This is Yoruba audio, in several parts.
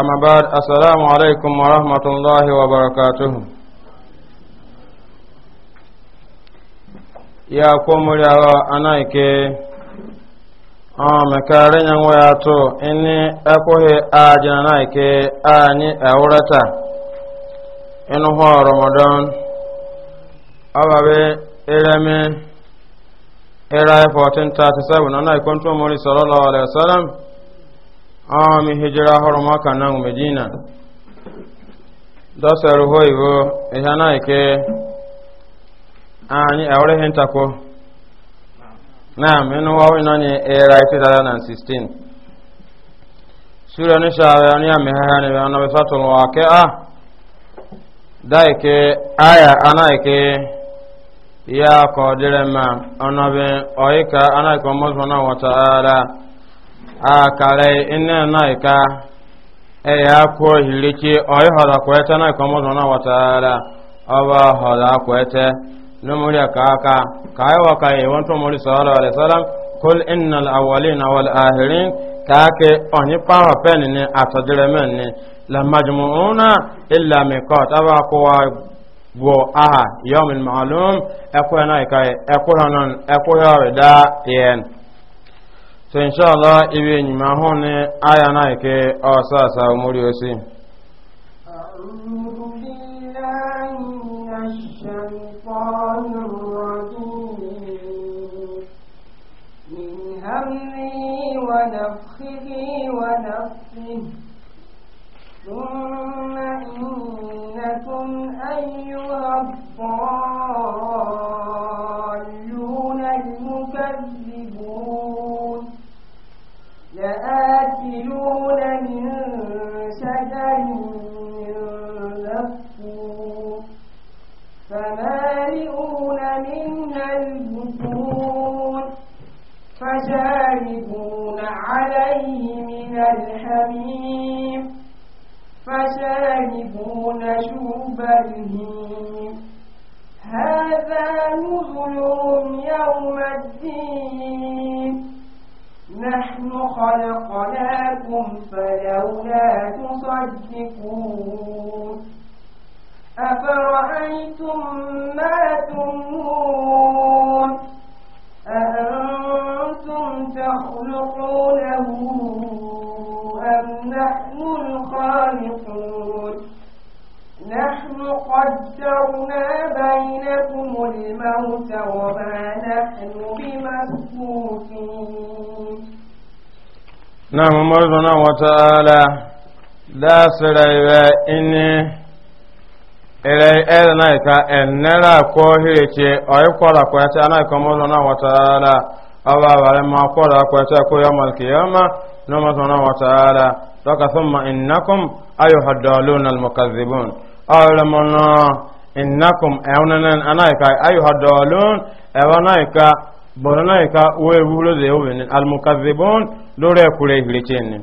أما بعد السلام عليكم ورحمة الله وبركاته ya komorawa anaike amekari ya nwa ya to ini ekwughị aji na anaike anyị ewurata inuhu ramadan ababe iremi irai 1437 na anaikon tumori sallallahu alaihi wasallam ami hijira horo maka nan medina dasar hoibo ihana ike anyị awurehin tako na amị n'ụwa ina ne era ite dara na 16 sura ni shawe ni ameha ni na befatul waqi'a daike aya anaike ya ko direma onobe oika wa ta'ala akara ina naika eya kwuo hirichi oyi hoda kwete na ikomo zona watara oba hoda kwete numuri akaka kai wa kai won to muri sallallahu alaihi wasallam kul innal awwalina wal akhirin kake onyi pawa pen ni atadire men ni la majmuuna illa miqat aba kwa wo aha yawmin ma'lum e e e da yen so inshallah ibe nyima ho ne aya na ke o sa sa muri osi a'udhu billahi minash shaitanir ثم إنكم أيها الضالون وتعالى لا سرعي إني إلي إذنك إن نرى كوهيك أي قرى كويت أنا كمولنا وتعالى أبا ولما قرى كويت كو يوم القيامة نمتنا وتعالى لك ثم إنكم أيها الدالون المكذبون أولمنا إنكم أوننا أنايك أيها الدالون أونايك بورنايك ويبولو ذيوبين المكذبون لوري كولي هلتين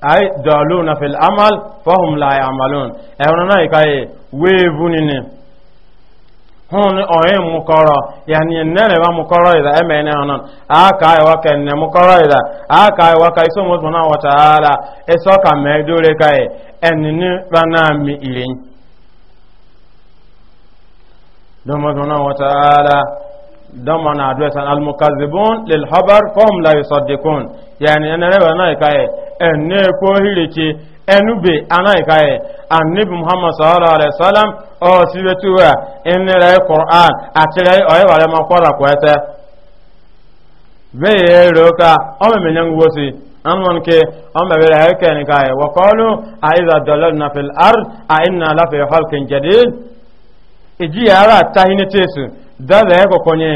ay daluna fil amal fahum la ya'malun e hono na kai wevu nini hon yanni e mukoro yani nere wa mukoro ida e mene hono aka e wa ken ne mukoro ida aka e wa kai so mo na wa taala e so ka me dure kai enni bana mi ilin domo na wa taala dama na adu ẹsan almukazibun lil habar fom la yusadikun yani ẹni rẹwà náà ìka yẹ ẹni ẹkọ hìrìkì ẹnu bè aná ìka yẹ muhammad sallallahu alaihi wasallam ọ síbi tí wà ẹni rẹ qur'an àti rẹ ọyẹ wàrẹ ma kọra kọ ẹtẹ bẹ́ẹ̀ yẹ rẹ ká ọmọ mi nyẹ́ ń wọ́ sí an wọn ke an bẹ ara tahini dada ya kokonye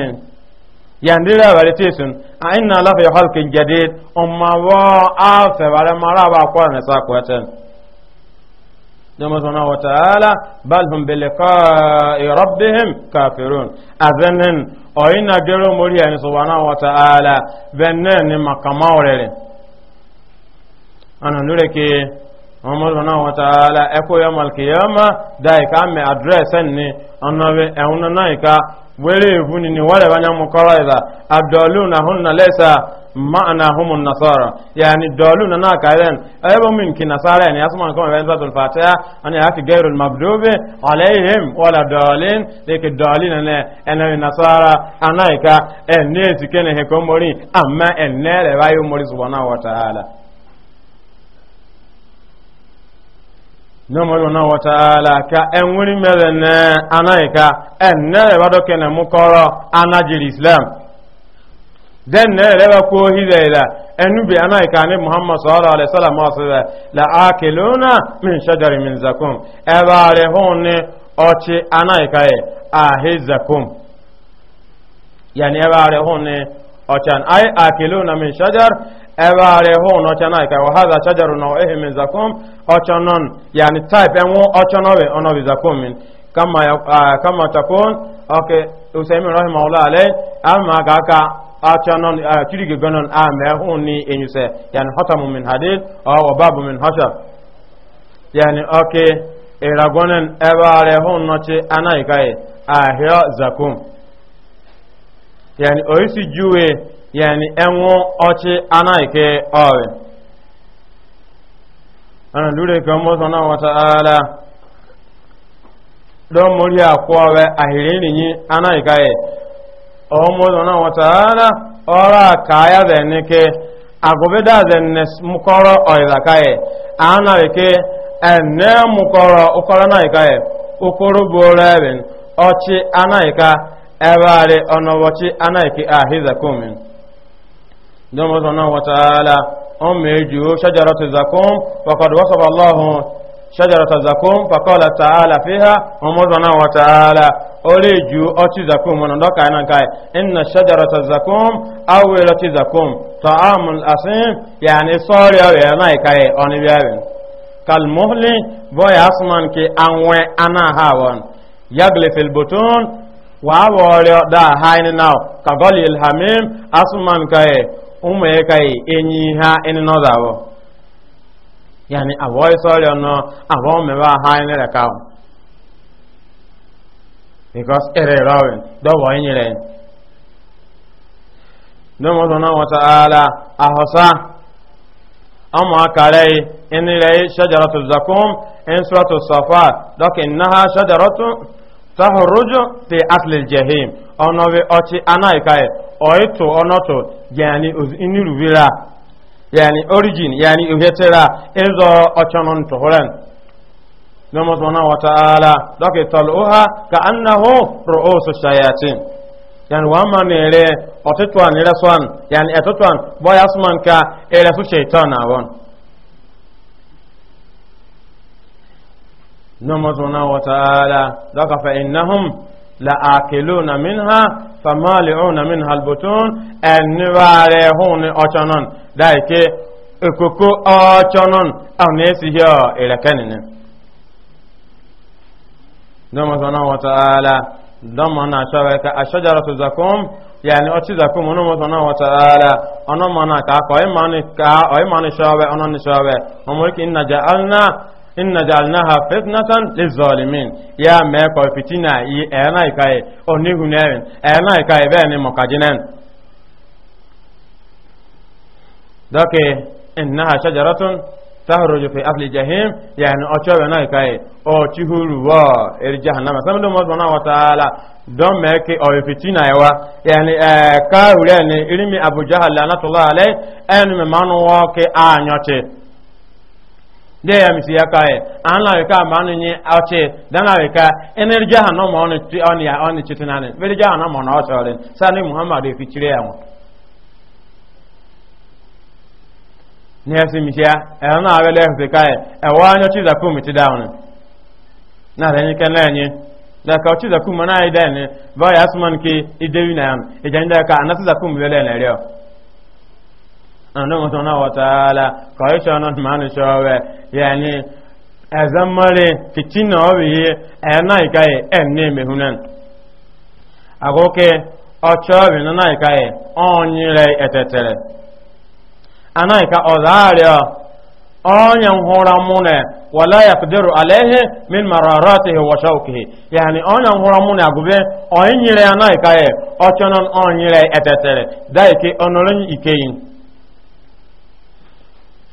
yandira bare tesun a inna la fi halqin jadid umma wa afa bare mara ba kwa na sa kwatan dama sana wa ta'ala bal hum bi liqa'i rabbihim kafirun azanan o ina gero mori ani subhanahu wa ta'ala benne ni makama orere ana nure ke umma subhanahu wa ta'ala eko yamal qiyama dai ka address ni annabi e unna naika were ehuni ni wale wanya mukoroiza adoluna hunna lesa ma'ana humu nasara yani doluna na karen ayabo min ki nasara ne asman kuma bayan zatul fatiha ani yaki gairul mabdubi alaihim wala dalin leke dalina ne ene nasara anaika enne tikene hekomori komori amma enne re mori subhanahu wa ta'ala nomoro na wataala ka enwuri mere ne anaika enere wado kene mukoro anajiri islam den nere wa ko hilela enube anaika ni muhammad sallallahu alaihi wasallam asira la akiluna min shajari min zakum ebare hone ochi anaika e ahizakum yani ebare hone ochan ay akiluna min shajar ebaare hụ n'ọcha na ka wahaza shajaru na min zakum yani type enwu ọcha nọbe min kama kama takun oke usaimin rahimahullah alai amma ga aka ọcha non chirigi ganon a ma ni enyuse yani ọ oke ka ahịa zakom. juwe yani enwo ọchị anaike owe ana lure kan mo sona wa ta'ala don mori akwawe ahire ni anaika nike agobeda de nes mukoro anaghịkị kaye anaike enne mukoro ukoro naika ye ọchị دوما سبحانه وتعالى أم يجو شجرة الزكوم وقد وصف الله شجرة الزكوم فقال تعالى فيها أم سبحانه وتعالى أوليجو أتي زكوم ونندوك أنا كاي إن شجرة الزكوم أول أتي زكوم طعام الأسيم يعني صوري أو يناي كاي أني بيابين كالمهل بوي أسمان كي أنوي أنا هاون يغلف البطون وأبو دا هاين ناو كغلي الحميم أسمان كاي ụmụ ya ka enyi ha ịnọdụ abụọ yani abụọ isi ọrịa nọ abụọ mmebe ha enyere ka ahụ because ere rọwin dọwọ enyere dọmọdụ na wataala ahụsa ọmụ akara ịnịrị shajaratu zakum insuratu safa dọkin na ha shajaratu tahuruju fi asli jahim ọnọbi ọchị anaghị ka oito onoto yani inirubira yani origin yani uhetera enzo ochonon tohoran nomo subhanahu wa ta'ala doke ka annahu ru'usu shayatin yani wa manere otetwan ireswan yani etetwan boyasman ka eresu shaitan awon nomo subhanahu wa innahum لآكلون منها فمالعون منها البطون النوار هون أشانون دايك أكوكو أشانون أنيسيه إلى كنن نعم سبحانه وتعالى ضمن شبكة الشجرة زكوم yani ọtí zakum ọ̀nà mọ̀tàn náà wọ́n tààlà ọ̀nà mọ̀nà kàkọ́ ọ̀yìn mọ̀nà ṣọ́ọ̀bẹ̀ ọ̀nà ṣọ́ọ̀bẹ̀ ọmọ orí kì í nàjà ọ̀nà inna jalnaha fitnatan lizalimin ya me ko fitina yi e na ikai oni hunen e na ikai be ni mokajinen dake innaha shajaratun tahruju fi afli jahim yani ocho be na ikai o chihuru wa er jahannama samdo mo bona wa taala don me ke o fitina yawa yani e eh, ka hulen irimi abu jahal lanatullah alai en me manu wa ke anyoche de ya misi ya kae an la ka ma nu nyi ache dan la ka ener jahannam ma onu ti onu ya onu chitin ane be jahannam ma na osore sani muhammad e fitire ya won ne ya misi ya e na awele se kae e wa anyo chi za ku mi ti down na re ka kan anyi da ka chi za ku ma na ida e ne ba ya asman ke idewi na yan e janda ka anasa za ku mi wele na reo ando mo tona wa taala ko yo chono manu chowe yani azamare kitina obi ena ikai enne mehunan agoke ochobi na na ikai onyire etetere anaika ozario onye nhụra mụne wala yaqdiru alayhi min mararatihi wa shawkihi yani onye nhụra mụne agube onye nyere anaika ochonon onyire etetere daike onorin ikeyin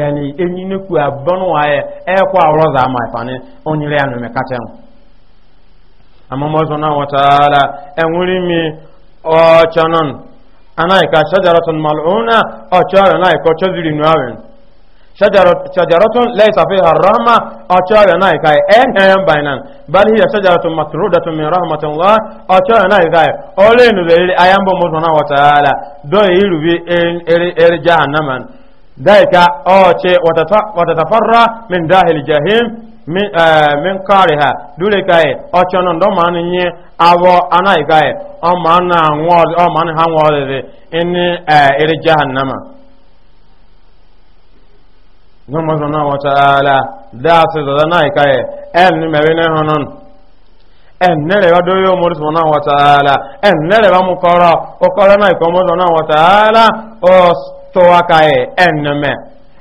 yani enyi nekwu abọnụ ayẹ ẹkwa e ọrọza ama ifani onyere ya nume kacha mu amma zona wataala enwuri mi ọchanon anaika shajaratun mal'una ọchọrọ naika ọchọziri nuawin shajaratun laisa fiha rahma ọchọrọ naika ẹnyẹn e e bainan bal hiya shajaratun matrudatun min rahmatillah ọchọrọ naika ọlẹ́nu bẹ̀rẹ̀ ayambo mọ́sọ̀nà wataala dọ́ ìrùbí eré jahannaman ذلك أوتي وتتفرى من داخل الجحيم min min kariha dule kai o chono ndo man nyi awo anai kai o man na nwo o man ha nwo de in ere jahannama no mo zona wa taala da se da nai kai en ni me ne honon en ne le do yo mo zona wa taala en ne le mu koro o koro nai ko mo zona wa taala o towa kaye enneme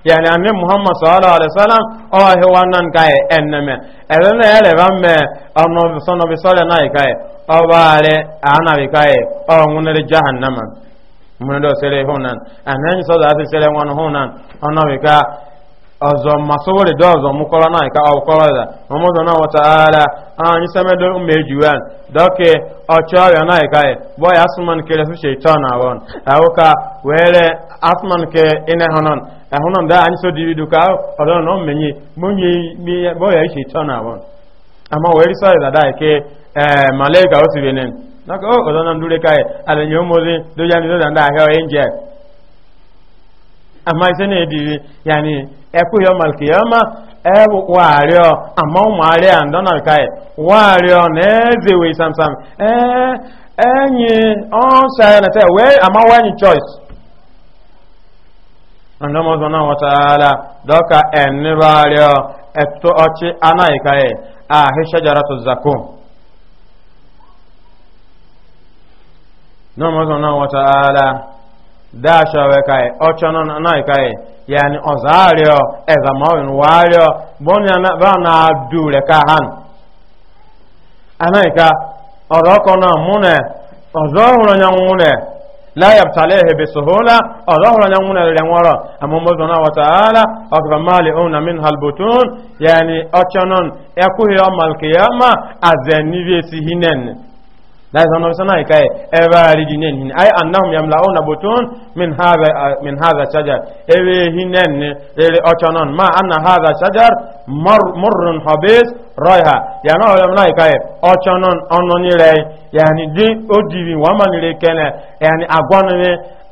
yani anne muhammad sallallahu alaihi wasallam o he wannan kaye enneme elen ele bamme ono sono bi sole nai kaye o bare ana bi kaye o ngunere jahannama mun do sele honan anan so da sele wan honan ono bi ka ọzọ masowore dị ọzọ mụkọrọ na ka ọkọrọ da ọmụzọ na ara anyị semedo mejuwan dọke ọrịa na ka e. bọ ya asụman kere su shaitan na wọn ka were asụman ke ine hụnan ehunan da anyị so dividu ka ọdọ na omenye munye bọ ya shaitan na wọn ama were sọrọ da da ke malaika otu benin naka o ọdọ na ndure ka alenye omozi dojan dojan da ahịa enjel ama ise na-ediri ẹkú yọ malkiyama ẹbù wàárẹ̀ àmọ́ wàárẹ̀ àndọ́nàlùkà ẹ̀ wàárẹ̀ ọ̀nà ẹ̀ẹ́zẹ̀wẹ̀ samsam ẹ̀ẹ́yìn e, e ọ̀ṣàyẹ̀nẹ̀tẹ̀ wẹ́ àmọ́ wẹ́yìn choice àndọ́mọ́sọ náà wọ́tàálà dọ́ka ẹ̀ní wàárẹ̀ ẹ̀tọ́ ọchí anáìkà ẹ̀ àhíṣẹ́jára tó zakó náà mọ́sọ náà wọ́tàálà dashawe kai ochono nai kai yani ozario ezamawin wario bonya na bana dure ka han anaika oroko na mune ozohuro ha. la yabtalehe bisuhula ozohuro mune le ngoro amomozo na wa taala akba mali una min halbutun yani ochonon yakuhi yawmal qiyama azani láì sọ́nà sọ́nà ìka ẹ̀ ẹ̀rọ àrídì náà nìyí ayé anáhùn yam la ọ̀nà bòtún min haza shajar ewé ehin náà ní rere ọ̀chọ́ náà ma anna haza shajar murrun hobis rọ́ìhà yàrá ọ̀yọ́ náà ìka ẹ̀ ọ̀chọ́ náà ọ̀nà ní rẹ̀ yàní dín ó dìbì wọ́n mọ̀ nílé kẹ́nẹ̀ yàní àgbọ́n ní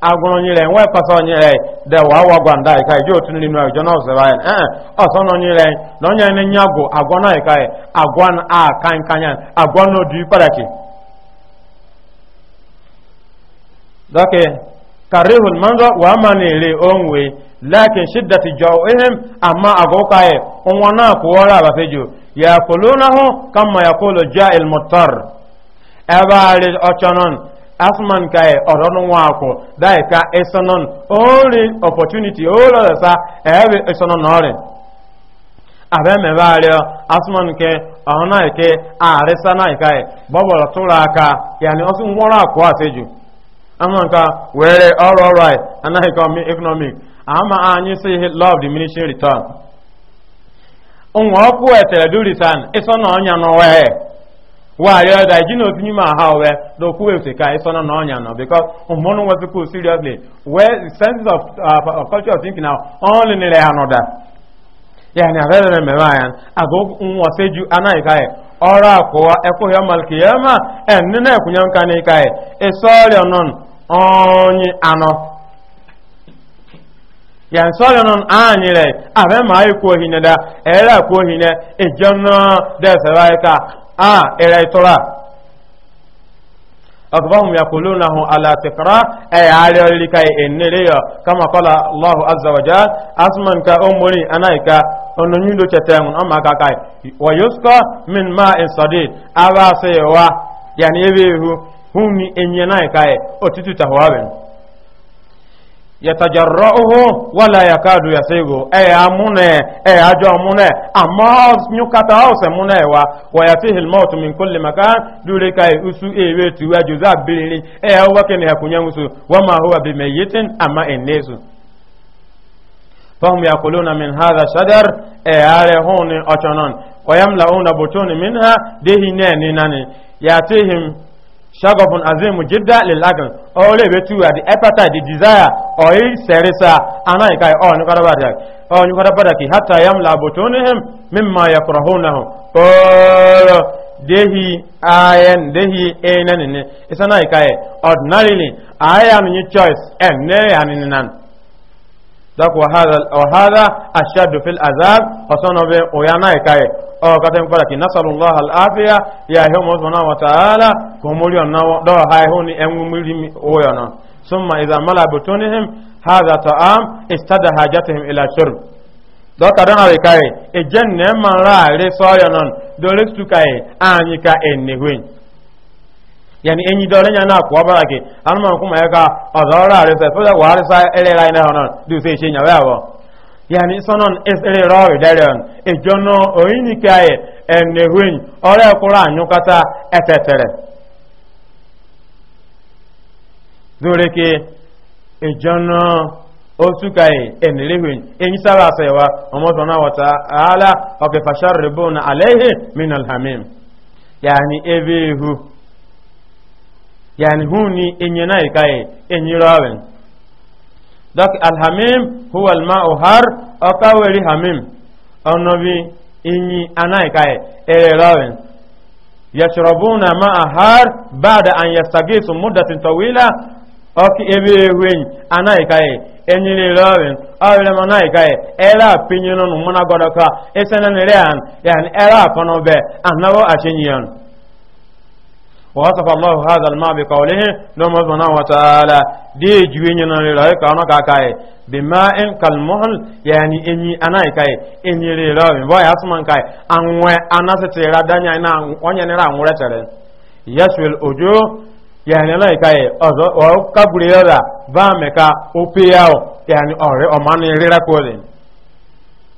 agbọn onye wa awa gwa nda ika ije otu nri nwa ijọ na ọsọba ya ee eh, ọsọ na onye rẹ na onye na-enye agwọ agwọ na ah, ika agwọ na aka nkanya agwọ na odi paraki dɔke karihul manzo wa ma ne onwe lakin shiddati jawihim amma agoka ye onwana ko wala ba fejo ya kama yaqulu ja'il muttar abali ochanon asman kai ọ̀rọ̀nù wọn àkọ́ dáìka ẹsọ́nà orí opportunity orí ọ̀sá ẹ̀ẹ́bẹ̀ ẹsọ́nà náà rẹ̀ abẹ́mẹ̀bá rẹ̀ aka amanka were all all right anaghị ka economic ama anyị si love diminishing return onwe ọkụ etere durisan ịsọ na ọnya n'ọwa wàyọ̀ ọ̀dà ìjìnà òtún yìí máa ha ọ̀wẹ́ ló kú èsì ká ìsọ́nà náà ọ̀yàn náà because òmùnú wọn ti kú seriously where the senses of, culture of thinking only ni onye anọ yan sọrọ nọ anyị rẹ abẹ ma ikwu ohinye da ẹrẹ kwu ohinye ije nọ dẹsẹ báyìí ka a ẹrẹ tọra ọgbà ohun ya kulu na hun ala ti fara ẹyà arẹ orí ka ẹnẹrẹ yọ kama kọla allah azawajal asuman ka o mori anaika onoyi do tẹtẹ mun ọma kaka wa yusuf min ma in sadi aba ebe ihu huni enyana kae otitu tawaben yatajarra'uhu wala yakadu yasigu ay e, amune ay e, ajo amune amaz nyukata hause mune wa wayatihi almaut min kulli makan kae usu ewe tuwa juza bilili e, ay wake ne hakunyangusu wama huwa bimayitin ama enesu fahum yakuluna min hadha shadar ay are huni ochonon wayamlauna butuni minha dehi ne nani yatihim shagofun azim jidda lilakan ọlẹ́ ìwé tú àti epata di desire ọ̀yí sẹ̀rísà aná ìka ọ̀nukọ́dá pàtàkì hátà yam làbòtó ní him mímọ̀ yàkùrọ̀ hóun náà kọ́ọ̀rọ̀ dehi ayen dehi enenene náà nìní ìsaná ìka ẹ̀ ordinarily ayan choice ẹ̀ ní ẹ̀yà dak wahadha ashaddu fil azab osonobe oyanaye kaye o katen paraki nasalullah alafiya yahe omo subhanahu wa taala komori on nawo do hay honi enwumiri oyono summa idha mala butunihim hadha ta'am istada hajatihim ila shurb do kadana we kaye e jenne man ra re soyonon do restu kaye anyi ka ennehuin yani enyi dole nya na kwa bara ke an ma kuma ya ka azara re fa fa wa re sa ele ra ina honon du se se nya wa wa yani sonon es ele ro re daren e jono oyini kai en ne huin ore ko ra anyu kata etetere dole ke e jono osukai en le huin enyi sala se wa omo sona wa ta ala fa fasharribuna alayhi min alhamim yani evehu yani huni enyena ikaye enyirawen dak alhamim huwa alma'u har akaweli hamim onobi inyi anaikaye ererawen yashrabuna ma'a har ba'da an yastagisu muddatin tawila oki ebeweny anaikaye enyirirawen awele manaikaye era pinyinu muna godoka esenen rean yani era konobe anabo achinyan ووصف الله هذا الماء بقوله نوم سبحانه وتعالى دي جوين نرى كانوا كاكاي بماء كالمهل يعني اني انا كاي اني ريلا ويا اسمان كاي انو انا ستيرا دانيا نا اونيا نرا انورتر يسوي الاجو يعني لا كاي او كابريلا بامكا اوبياو يعني اوري او ماني كولين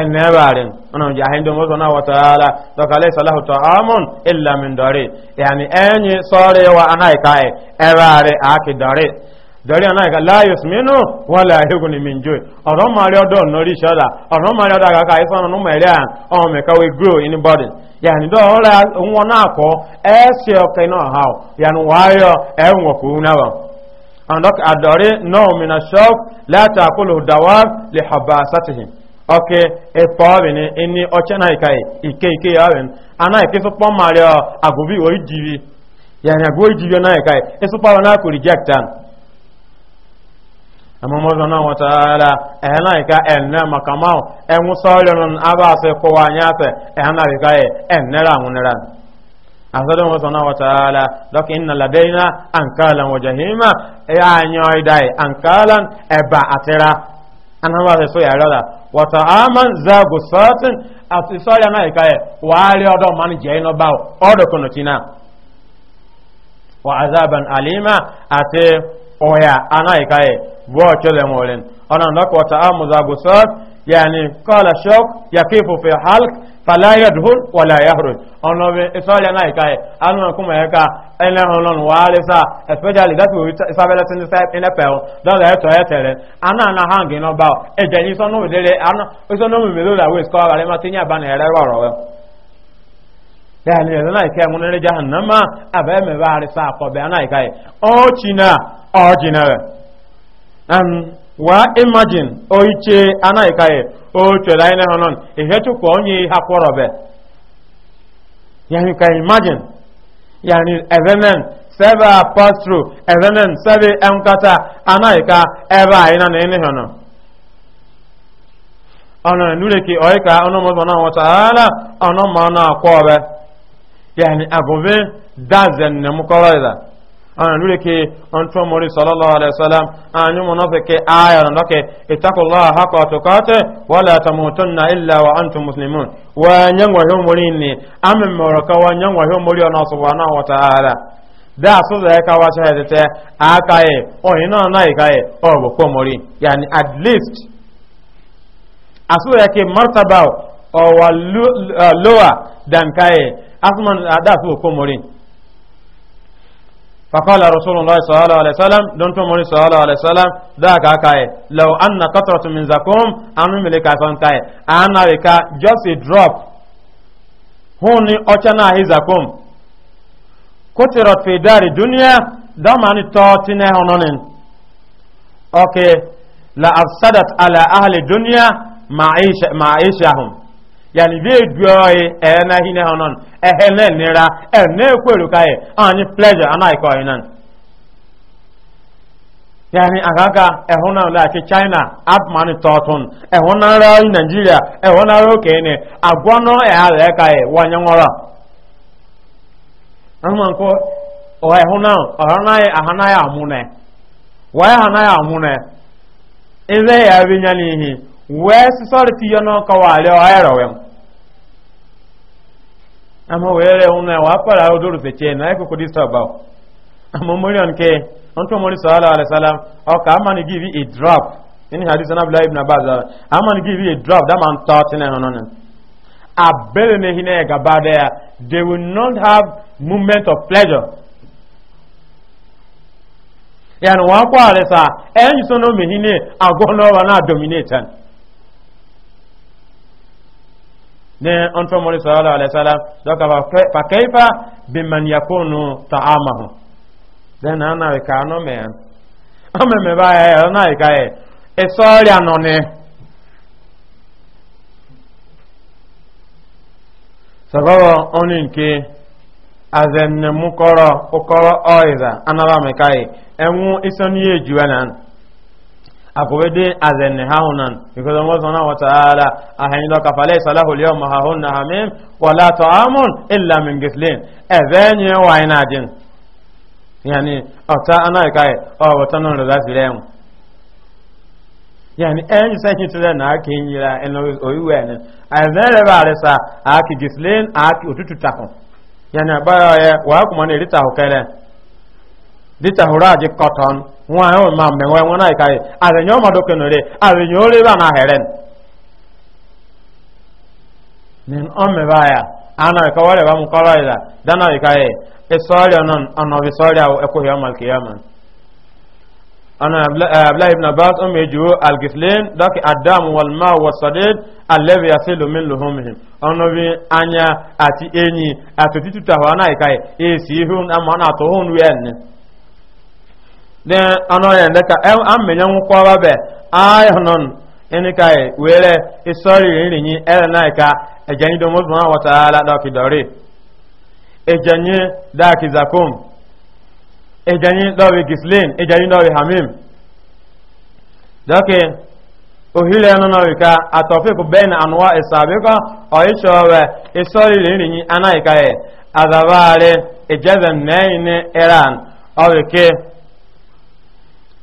ẹnẹ́bàrin ọ̀nà ìjà ahìndùn mọ́sán náà wàtàrà lọ́kàlẹ̀ ìsàláhùtọ̀ àmùn ìlàmìn dọ̀rẹ̀ yàní ẹni sọ́rẹ̀ wa anáìka ẹ̀ ẹ̀bàrẹ̀ àákì dọ̀rẹ̀ dọ̀rẹ̀ anáìka láyùs mínú wọ́n lè àhígun ní mìíjú ọ̀rọ̀ mari ọdọ̀ nọrí ṣọ́dà ọ̀rọ̀ mari ọdọ̀ àkàkà ìsọ̀nà nù mẹ̀rẹ̀ àn ọmọ mẹ̀ka we grow in body yàní dọ̀ ọ̀rẹ́ wọn náà kọ́ ẹ̀ ṣe ọkẹ́ náà hà yàní wáyọ̀ ẹ̀ ń oke efobini ini oche na ikai ike ike ya wen ana ike supo mario agubi o ijibi yani agwo ijibi na ikai esupo na ku reject an amma mo na wa taala ehna ika enna makamao enwu sawlon aba se ko wanya se ehna ikai ennera munera asadon wa sana wa taala dok inna ladaina ankalan wa jahima ya nyoidai ankalan eba atịra anama se so ya roda wata aman za gusatin a tsisoriya na ikaye wari ọdọ man jẹ inu ba ọdọ kunutina wa azaban alima ati oya ana ikaye wọ́ọ̀kẹ́lẹ̀ mọ̀rin ọ̀nà ndọ́kọ̀ wata amu za gusatin يعني قال شوك يقف في حلق فلا يدخل ولا يخرج ono be isole na ikai anu ko me ka ene honon wale especially that we isabela tin sai ene pel don la to etere ana na hangi no ba e je ni so no dele ana so no me lo la we ko ale ma tinya ba na ere wa imagine oiche anaghịkaghị o chere anyị na hụnọn ihechukwu onye ha kwọrọbe yani ka imagine yani evenen sebe enkata ebe anyị na na hụnọn ọnụ nure ki oika ọnụ mọzọ na nwataala ọnụ ma na-akwọ yani agụbe dazen ana nure ke an tun mori sallallahu alaihi wasallam an yi munafiki aya na ke itakullaha haqqa tuqati wa la tamutunna illa wa antum muslimun wa nyan wa hin mori ni amin moraka wa nyan wa hin mori ona subhanahu wa ta'ala da su zai ka wa shahada ta aka yi o ina na ika yi o bo ko mori yani at least asu yake martaba o wa lower dan than kai asman da su ko mori فقال رسول الله صلى الله عليه وسلم دونتو مولي صلى الله عليه وسلم ذاك كاي لو ان كثرة من زكوم ان ملك سان كاي انا بكا just a drop هوني اوتنا هي زكوم كثرت في دار الدنيا دماني توتينه هونن اوكي لا افسدت على اهل الدنيا معيشه معيشهم yani bi eduoyi ena eh, hine honon ehene eh, nira ene eh, kwelu kai anyi pleasure anai ko yinan yani agaka ehona la ke china ab mani totun ehona ra nigeria ehona ro kene agwono e ale kai wanya ngora amma ko o oh, ehona ahana oh, ahana ya amune wa ahana ya amune ile ya binyani hi wesi sorti yono kawale o ayro wem ama were una wa para odoro se che na eko ba saba ama morion ke onto mori sallallahu alaihi wasallam o ka amani give a drop in hadith an abdullah ibn abbas amani ni give a drop that man thought in no no abele ne hine ga bada they will not have moment of pleasure yani wa kwa alisa en so no mehine agono wa na dominate ne onto mori sallallahu alaihi wasallam doka fa kaifa biman yakunu ta'amahu then ana we no me ame me ba e na e e e sori anone sababu oni nke azenne mukoro ukoro oiza anaba me kai enwu isoni ejuwa nan akobede azenne haunan because Allah subhanahu wa ta'ala ahayin lo kafale salahu ha mee hamim wala ta'amun illa min gislin ezenye wa ina ya ni ota ana kai o wata non da zafi lemu yani en sanyi tire na ake yira en oyiwe ne azenne ba resa aki gislin aki otutu takon yani ba ya wa kuma ne rita hokere dịta hụrụ ajị kọtọn nwaanyị ọma mmenwe nwa nwa na ịkaghị arịnye ọmadụ kenere arịnye orebe a na heren nin ọmịba ya ana ịka wọrị ba m kọrọ ịla dana ịkaghị ịsọrịa nọ ọnọbi sọrịa ekwughị ọma nke ya ma ana eh, abdullahi ibn abbas o umm, meji wo algislin dọkị adam walma wasadid alevi asilu min luhumihim ọnọbi anya ati enyi ati tutu tahụ ana ịkaghị esi ihu ama ọ na-atụ hụ nwe ya nne de ano ya ndeka e amenya nkwa babe ayhonon enikai were isori e rinyi ele naika ejani do mozuna wa taala da ki dore ejani da ki zakum ejani da we gislin ejani da we hamim dake ohile no na wika atofe ko ben anwa isabika e oishowe isori e rinyi anaika e azabare ejazan nayin eran aweke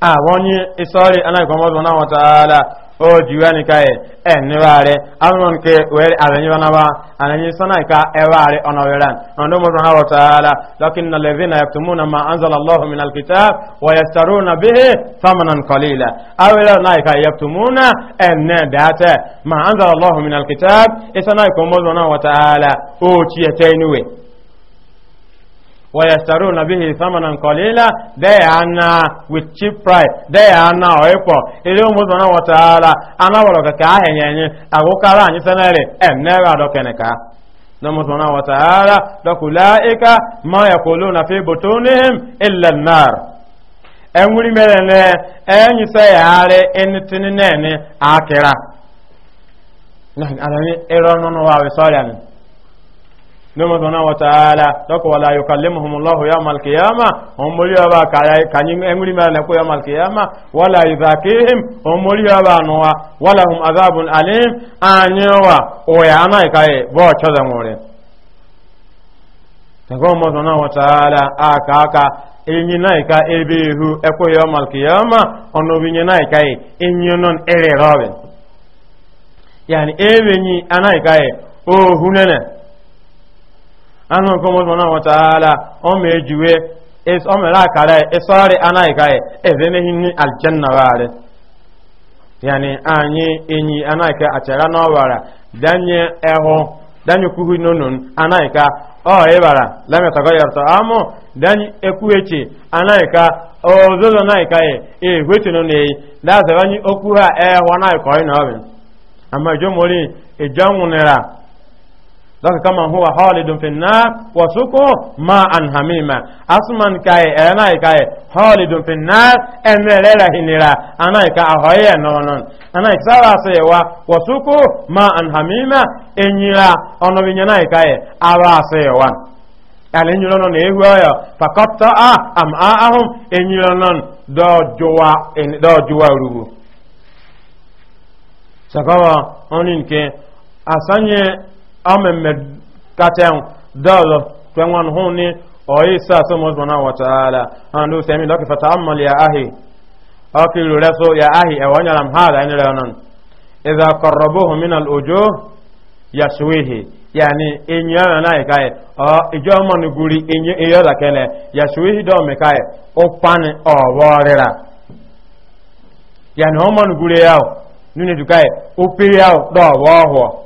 awonye isori ana ko mo bona wa taala o jiwani kai en ware amon ke wer alanyi bana ba ananyi sana ka e ware ona weran ondo mo bona wa ويشترون به ثمنا قليلا they are now with cheap price they are now equal ilé ọmọ sọ̀nà wọ́n tààrà anáwọ̀lọ̀ kẹ̀kẹ́ ahẹ̀yẹ̀yẹ àgókára àyín sẹ́nẹ̀rì ẹ̀ nẹ́rà dọ́kẹ̀nìkà lọ́mọ sọ̀nà wọ́n tààrà dọ́kùlá ẹ̀ka mọ́ fi bòtó níhìm ilẹ̀ náà ẹ̀wúrí mẹ́rẹ̀ ní ẹ̀yìn sẹ́yà ààrẹ ẹni tí ní náà ní nema zona wa taala doko wala yukallimuhum Allahu yawmal qiyamah omuli aba kanyi enguli mala ko yawmal qiyamah wala yuzakihim omuli aba noa wala hum azabun alim anyewa oya ana ikaye bo choza ngore tago mo zona wa taala aka aka enyi na ika ebe ihu eko yawmal qiyamah ono binye na ikaye enyi non ere rawen yani ebe nyi ana ikaye o hunene anụ nko mo subhanahu wa ta'ala o me juwe es o me la kala e sare anai kai e be me yani anyi enyi anai ka atara no wara danye eho danye kuhu nonun anai ka o e bara la me tagayar to amo danye ekuechi anai ka o zozo nai kai e hwete no ne da zawanyi okuha eho anai ko ina obin amma jomori donc kama huwa halidun fi nnar wa ma anhamima asman kai enai kai halidun fi nnar enelera hinira anai ka ahoye nonon anai sara sewa wa suko ma anhamima hamima enyira ono binyanai kai aba sewa ale nyiro non ehu ayo fakatta a am ahum enyiro non do jowa do jowa rubu sakawa onin ke asanye amemme katen dọlọ twenwan hun ni oyi sa so wa taala an semi doki fata ya ahi aki lura so ya ahi e wanya lam hala ni ranan qarrabuhu min al ujuh yashwihi yani enyana na ikaye o ijo mo ni guri enye eyo da kene yashwihi do me kaye o pani o worira yani o mo ni guri yawo nune dukaye o piri yawo do wo ho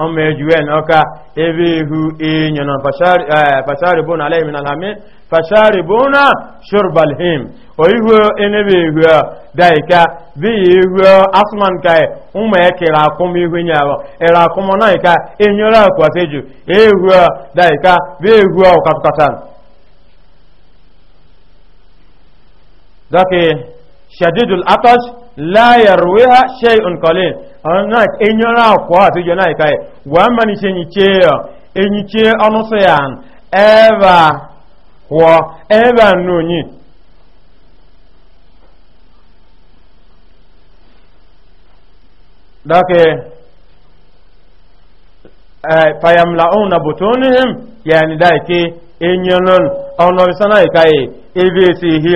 ọmọ ejuwe na ọka ebe ihu enyo na fashari eh, bona alayhi min alhamin fashari bona shurbalhim o ihu enebe ihu daika bi ihu asman kai ụmụ e, ya e kere akụm ihu nyawa ere akụm na ika enyere akwateju ihu daika bi ihu ọkatukatan dọkị shadidul atash la yarwiha shay'un qalil ọ̀nà enyọ́rọ̀ àti ìjọ náà ìkáyẹ̀ wọ́n mọ́ ní ṣe Enyiche ọ̀ enyìche ya, ẹ̀bà wọ́ ẹ̀bà nìyí. dọ́kẹ́ fayamla ọ̀hún na bùtúnihim yà ní dáìké enyọ́rọ̀ ọ̀nùsọ̀ náà ìkáyẹ̀ ebe esi ihi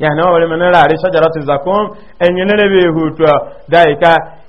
yà ní mẹ́rin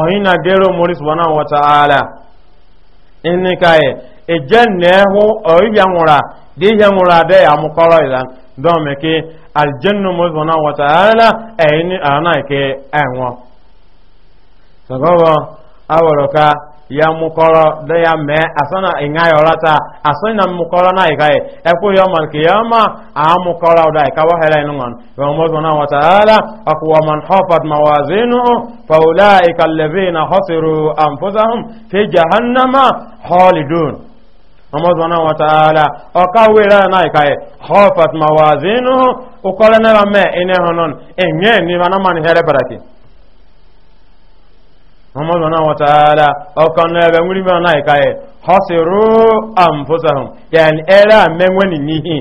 ọ̀hínà dẹ́rọ mọ́rí sọ̀nà wọ́tàálà ẹnìkàyẹ̀ ẹ̀jẹ̀ nẹ́ẹ̀hó ọ̀híyànwòrà díyànwòrà dẹ́ àmúkọ́rọ̀ ìlà dọ́mẹ̀kẹ́ aljannu mọ́rí sọ̀nà wọ́tàálà ẹ̀yìn àrùn àìkẹ́ ẹ̀wọ̀n sọ̀gọ́wọ́ awọ̀rọ̀ká ya mukoro da ya me asana inga yorata asana mukoro na ikaye eku yo man kiyama a mukoro da e ka wa hele nun wa mozona wa taala akwa man hafat mawazinu fa ulaika alladhina khasiru anfusahum fi jahannama khalidun mozona wa taala akawe ra na ikaye hafat mawazinu ukolenera me ine honon enye ni wana man hele baraki muhammadu wana wa ta'ala ọkan na ẹbẹ nwuri mana ika yẹ hasiru anfusahum yani ẹrẹ amẹwẹ ni nihi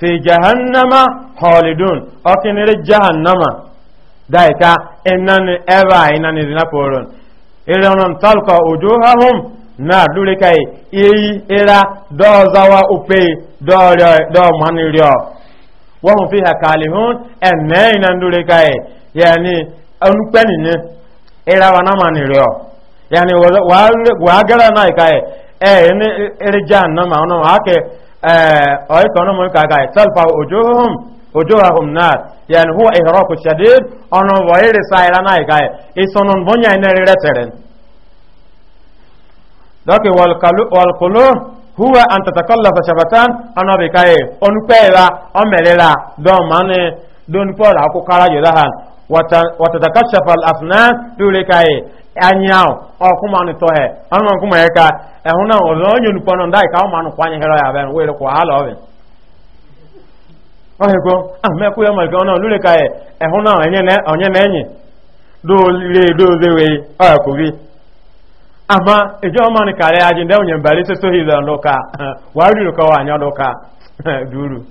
fi jahannama holidun ọkinere jahannama daika inani ẹba inani zina poron irenan talka ojuhahum na lurika iri ira dọzawa upe dọmanirọ wọ́n fi hàkàlì hún ẹ̀mẹ́ ìnandúrekáyẹ̀ yẹ̀ ni ọlúpẹ́ nìyẹn ira wa nama ni reo yani wa gara na e e ni irjan nama ono hake eh oito no mo kaga salfa ujuhum ujuhahum nar yani huwa ihraqu shadid ono wa ire saira na ikaye isonon bonya ina rere teren doke wal kalu wal qulu huwa an tatakallafa shabatan ana bikaye onpela omelela do mane don paul akukara yodahan watatakashafa al-afnan lórí káyé anyáwó ọkùn máa ní tọ́ ẹ̀ ọmọ ọkùn máa ẹ̀ka ẹ̀hún náà ọ̀dọ́ ọ̀nyẹ̀ olùpọ̀ náà ọkụ káwọn máa nù kwányẹ̀ hẹ́rọ yàbẹ̀ ń wéèrè kọ́ àlọ́ ọ̀bẹ̀ ọ̀hẹ̀kọ́ àmẹ́kú yọmọ ìkẹ́ ọ̀nà lórí káyé ẹ̀hún náà ọ̀nyẹ̀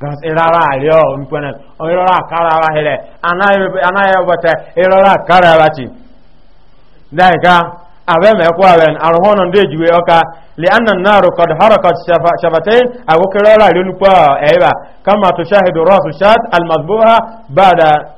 gas irara alio mpenet o irara kara ara hele anaye obote irara kara ara chi daika abe me kwa ben arhono nde jiwe oka li anna naru qad harakat shafatain agokirara ilunpa eiba kama tushahidu rasu shat almadbuha bada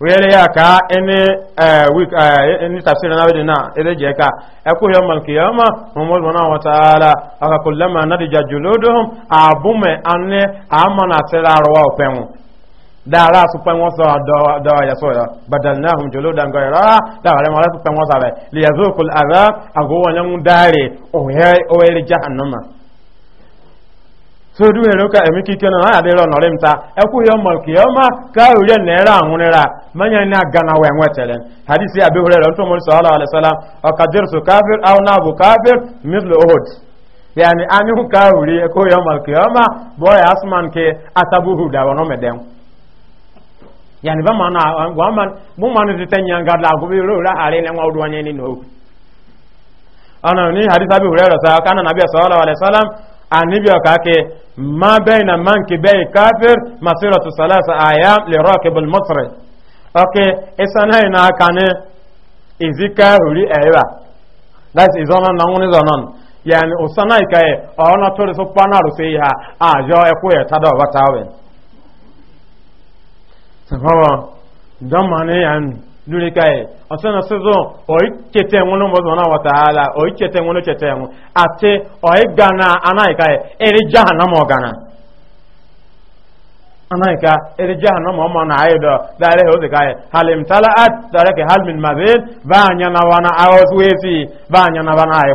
wele ya ka ene uh, week uh, ene tafsir na wedi na ele je ka eku yawm al qiyama umul wana wa taala aka kullama nadija juluduhum abume anne amana tiraro wa penu da ra su pen won ya so ya badalnahum juludan ghayra da ra ma ra su pen won sa be li yazuqul azab ago sodu nwere ụka emeka ike na ha adịrọ ah, nọrị mta ekwughị ọmọlki ọma ka ahụrịa na-ere a manya na aga na wee nwetere hadisi abi hurera ntụ mụrụ sọlọ alesala ọkadirsu kafir salam bụ kafir mitlu ohod yani anyụ ka ahụrị ekwughị ọmọlki ọma bụ ọya asụman ke abi anibi ọ̀ka ke ma bẹ́ẹ̀ na man ki bẹ́ẹ̀ káfíìr masiro salasa ayam lè rọ́ọ̀kì bọ̀l mọ́tìrì ọ̀kì ìsanáyìn náà kan ìzí káhùrí ẹ̀yẹ́wà láti ìzọ́nà náà ń zọ̀nà yẹn ìsanáyìn káyẹ ọ̀nà tó lè so pánà rò sí i ha àjọ ẹkú yẹ tádà ọ̀bá táwẹ̀. sọ̀rọ̀ dọ́mọ̀ ni yẹn lórí káyẹ̀ ọ̀sánà sísọ ọ̀yí kẹtẹ̀ wọn ló mọ̀sán náà wọ̀tà ààlà ọ̀yí kẹtẹ̀ wọn ló kẹtẹ̀ wọn àti ọ̀yí gana anáìkáyẹ̀ eré jahanamọ̀ gana anáìká eré jahanamọ̀ ọmọ náà ayé dọ̀ dáadẹ́ ó sì káyẹ̀ halim tala at tàrẹ́kẹ̀ halmin mazin báyà nyanawa na awọ́síwẹ́sì báyà nyanawa na ayé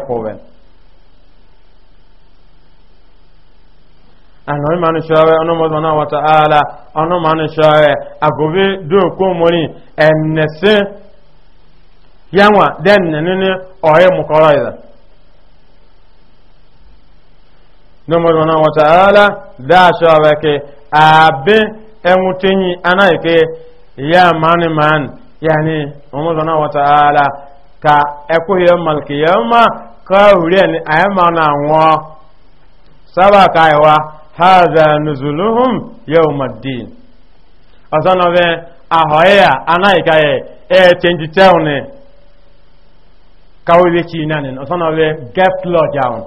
Ana anọ mmanụ shọrọ ọnụ mọzọ na wata ala ọnụ mmanụ shọrọ agobe doko mori emnese yanwa den nenene ọhịa mụkọrọ ịda nomọzọ na wata ala da shọrọ ke abe enwutenyi anaghịke ya mani man yani nomọzọ na wata ala ka ekwughị malkiyama ka hurien ayama na nwụọ saba ka aiwa hadha nuzuluhum yawmaddin asana be ahoya anaika ye e tenji tawne kawe chi nanen asana be guest lodge down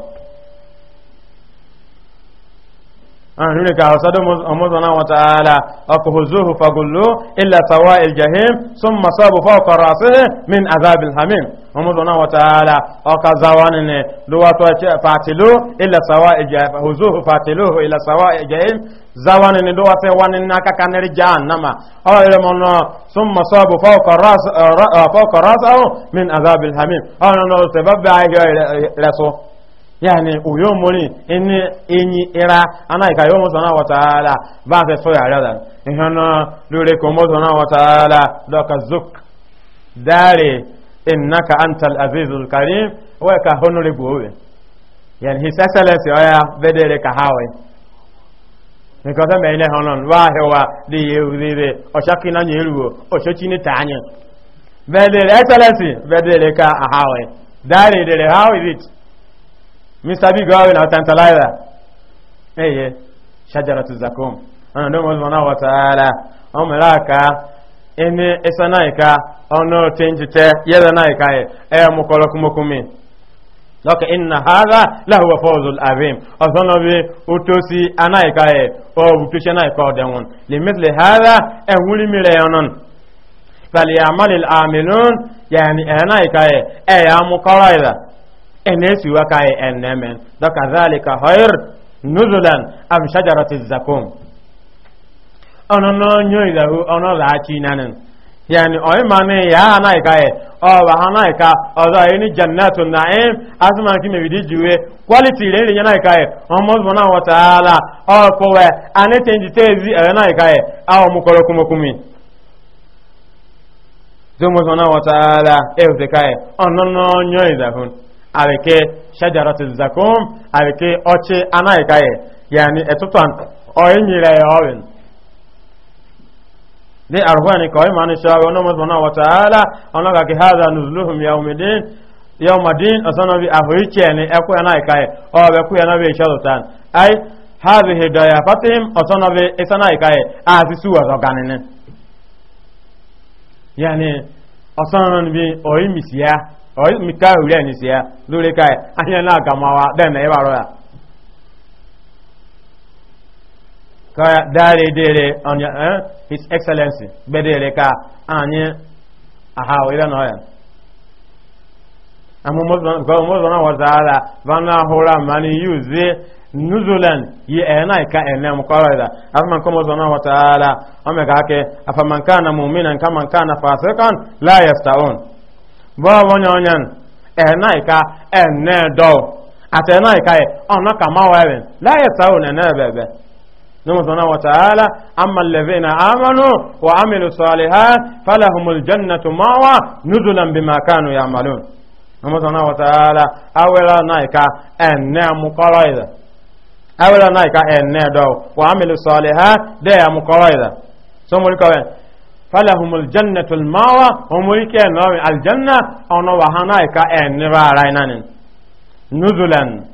anune ka asado amazana wa ta'ala akuhuzuhu fagullu illa sawa'il jahim thumma sabu fawqa ra'sihi min adhabil hamim ومضونا وتعالى وقزوان لوات فاتلو إلا سواء هزوه فاتلوه إلا سواء جهيم زوان لو وان إنك كان جهنم أو إلا من ثم صاب فوق راس فوق راسه من عذاب الحميم أو إلا سبب لسو yani uyomoni eni eni era ana ika yomo sana wataala ba se so ya rada ehana lure komo sana wataala doka zuk innaka antal azizul karim wa ka honore gowe yani his excellence oya bedere ka hawe nikosa me ile honon wa hewa di yewire oshaki na nyeruo oshochi ni tanye bedere excellence bedere ka hawe dare dere how is it mr big gawe na tantalizer eye shajaratu zakum ana ndo mo wa taala o melaka ene esa naika ono tenjite yeda naika e e mukolo kumukumi lọ́kẹ̀ iná hádá láhùwà fọ́ọ̀zùl àrím ọ̀sánà bí ó tó sí anáìká ẹ̀ ọ̀bù tó ṣe náìká ọ̀dẹ̀wọ̀n lè mẹ́tìlẹ̀ hádá ẹ̀wúrí mìírẹ̀ ẹ̀nàn pẹ̀lẹ̀ àmàlẹ̀ àmìlún yàní ẹ̀náìká ẹ̀ ẹ̀yà mú kọ́rọ̀ ìdá ẹ̀nẹ́sìwáká ẹ̀ ẹ̀nẹ́mẹ́ lọ́kà zálìkà nuzulan am shajarati zakum ọnụ n'onyo ịdahụ ọnụ na naanị yani ma mani ya ha na ika ye o ba ha na ika ọzọ yi e ni jannatu na'im asman ki mebidi juwe kwaliti re ya na ika ye o mo zuna wa taala o ko we tenji tezi e na ika ye a kumo kumi zumu zuna wa taala e o ka ye ono no nyo Arike shajaratu zakum e. ya e de arwani kawai mani shawo na mazmana wa ta'ala ona ga ki hada nuzluhum yawmidin yawmadin asana bi yana ikaye o be ku yana be shalotan ai hadhihi dayafatihim asana be isana ikai azisu wa zoganene yani asana bi ya lure kai anya na gamawa den na ibaro ya ka dare dere on ya eh his excellency bedere ka anye aha ira no ya amu mo ko mo na wa zaala bana hora mani yuzi nuzulan yi ena ka ena mukaraida afaman kuma zana wa taala omega ke afaman kana mu'minan kama kana fasikan la yastaun ba wonya onyan ena ka ene do atena ka e, ona kama wa la yastaun ena bebe نمو سبحانه وتعالى أما الذين آمنوا وعملوا الصالحات فلهم الجنة ماوى نزلا بما كانوا يعملون نمو سبحانه وتعالى أولا نايكا أنا مقرائدة أولا نايكا أنا دو وعملوا الصالحات دي مقرائدة سمو لكوين فلهم الجنة الماوى هم لكي الجنة أو نوحانايكا أنا رأينا نزلا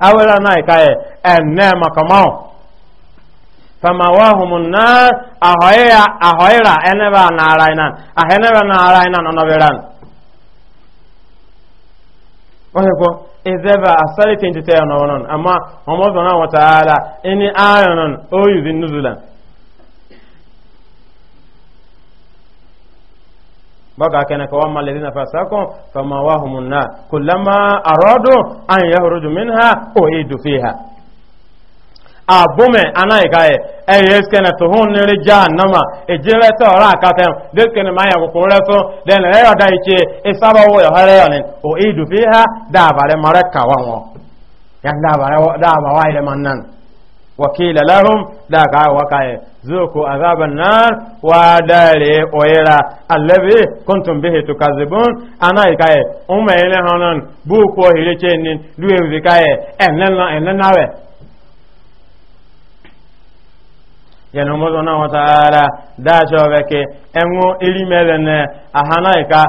awela na ikaye enne makamao famawahum nnar ahoya ahoira eneba na aheneba na arainan onoberan ezeba asali tintite onobonon amma omo wa ta'ala ini ayanon oyuzin nuzulan baka kana kwa wama alladhina fasaqu famawahum an kullama aradu an yakhruju minha uidu fiha abume anaye kae eyes kana tuhun ne jahannama ejere to ra katem dekene maya ko kore so den re oda iche isaba wo hare onen uidu fiha da bare mare kawanwo ya da bare da ba wa ile mannan وقيل لهم ذاك وقع ذوقوا عذاب النار ودار ويرا الذي كنتم به تكذبون انا كاي ام الهنن بوكو هيلتين لوي كاي انن انن yẹnu mọ́tò náà wọ́n tààrà dáṣọ́ wẹ́kẹ́ ẹ̀wọ̀n irí mẹ́rin náà àhánáìka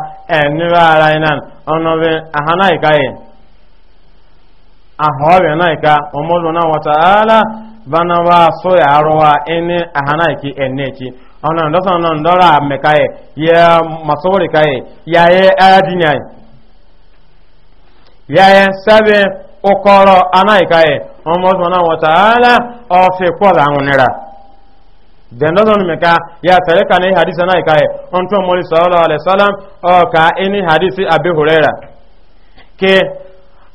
ara iná ọ̀nà àhánáìka yìí àhọ́ọ̀rẹ̀ náà ìka ọmọ́tò náà wọ́n bana wa so ya ene ahana ki enne ki ona ndo so non dora me kai e, ya masori kai e, ya ye adinya ya ye sabe okoro anai e kai omo so na wa taala ofe ko la ngunira den ndo non ya tare kan ni hadisi anai kai on to sallallahu alaihi wasallam o ka eni hadisi abi huraira ke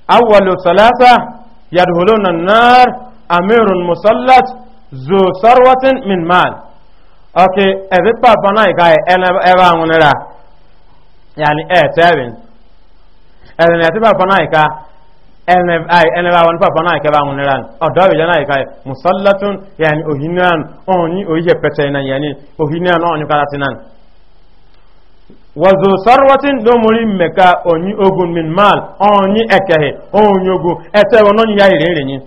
awwalu salasa yadkhuluna an-nar amirun musallat zo sarwatin min mal ok ebe pa bana ka ebe anwunira yani e tebin ebe na ti pa bana ka ene ba wani papa naa kaba ŋun niran ɔdɔ bi jana ika musallatun yani ohinan oni oyiye pɛtɛ nan yani ohinan oni karati nan wazo sarwatin domori meka oni ogun min mal oni ɛkɛhe oni ogun ɛtɛ wɔn ɔni ya ire ire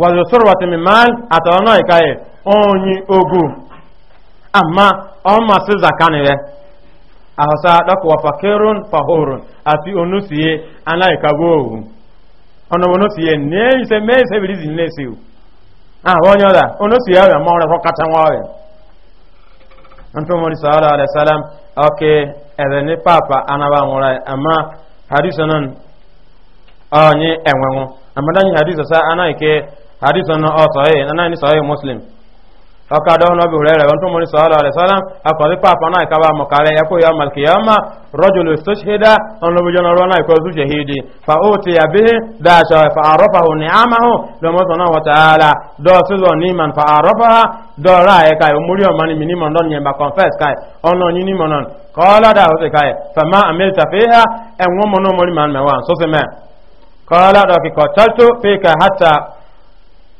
wàzù sọ̀rọ̀ wàtí mi máa ìka yẹ ọ̀nyin ogun àmà ọmọ sí zakani rẹ àhọ́sá dọ́kọ̀ wàfàkẹ́rún fàhórùn àti onúsìyẹ aláìkàwé òhun ọ̀nà onúsìyẹ ní ìṣe o àwọn ọ̀nyọ́ dà onúsìyẹ rẹ̀ mọ́ rẹ̀ fọ́kàtà wọn sàárà alẹ́ sálám ọ̀kẹ́ ní pàpà anábà àmà hadith na o sahih na ni sahih muslim ọkadà ọ̀nà bí rẹ̀ rẹ̀ wọ́n tó mọ́ ní sọ́ọ́lá rẹ̀ sọ́lá akọ̀sí pàpà náà ìkàbà mọ̀kàrẹ̀ ẹ̀kọ́ ya malkiyama rọ́jùlù sọ́ṣẹ́dá ọ̀nàbíjọ́ náà rọ́nà ìkọ́ ṣúṣẹ́ fa ó ti àbí dáṣọ fa àrọ́fàhù ní àmàhù lọ́mọ́sọ̀nà wọ̀tàálà dọ́ọ̀sílọ̀ níman fa àrọ́fàhà dọ́ọ̀rọ̀ àyẹ̀ká ìmúrí ọ̀mọ́ ni mínímọ̀ náà ní ẹ̀mbà confess kai ọ̀nà ní nímọ̀ náà kọ́ọ́lá dáa ó sì kai fama amil tafiha ẹ̀wọ̀n mọ̀ náà mọ̀rí màá mẹ́wàá sọ́sẹ̀ mẹ́ kọ́ọ́lá dọ́ọ̀kì kọ́ tọ́tù fíkà hátà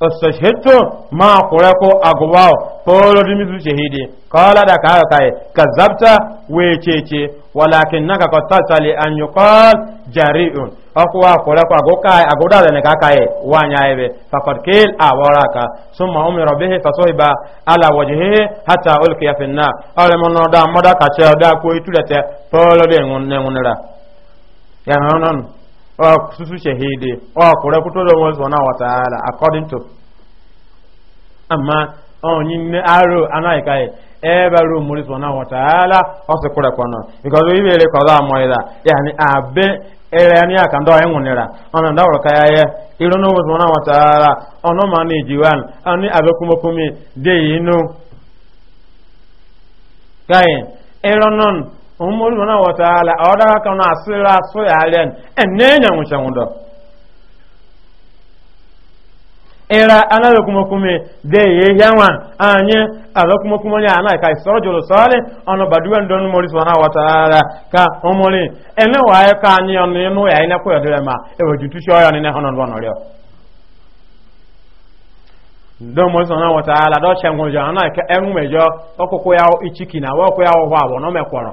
استشهدتم ما قرأكو أقواه قولوا دمزو شهيدي قال دك هكاي كذبت ويتيتي ولكنك قد تسألي أن يقال جريء أقوى قرأكو أقوكاي أقودا لنك هكاي وانيايبي فقد كيل أوراك ثم أمر به فصحب على وجهه حتى ألقي في النار أولا من نودا مدى كتير دا كوي تلتي قولوا دي نغنرا يعني هنون susu shahidi o kure kuto da wasu wana wa ta'ala according to amma on oh, yin ne aro ana ikai e ba ru muri wana wa ta'ala o se kure kono because we bere ko da yani abe ere ani aka ndo en wonira ona ndo ro kaya iru no wasu wana wa ta'ala ono ma ni jiwan ani abe kuma kumi de yinu kai eronon umuri mana wata ala a wadda ka na asira asụ ya len en ne nya mu shan wudo era ana lo kuma kuma de ye yawa anye ala kuma ana ka so jolo sale ono baduan don umuri mana wata ala ka umuri en ne wa ya ka anye on ne ya ina ko yodere ma e wo jutu sho ya ne ne honon wono ryo don mo sana wata ala do shan ana ka en mejo ya ichiki na wa ko ya wa wa na ọ kworo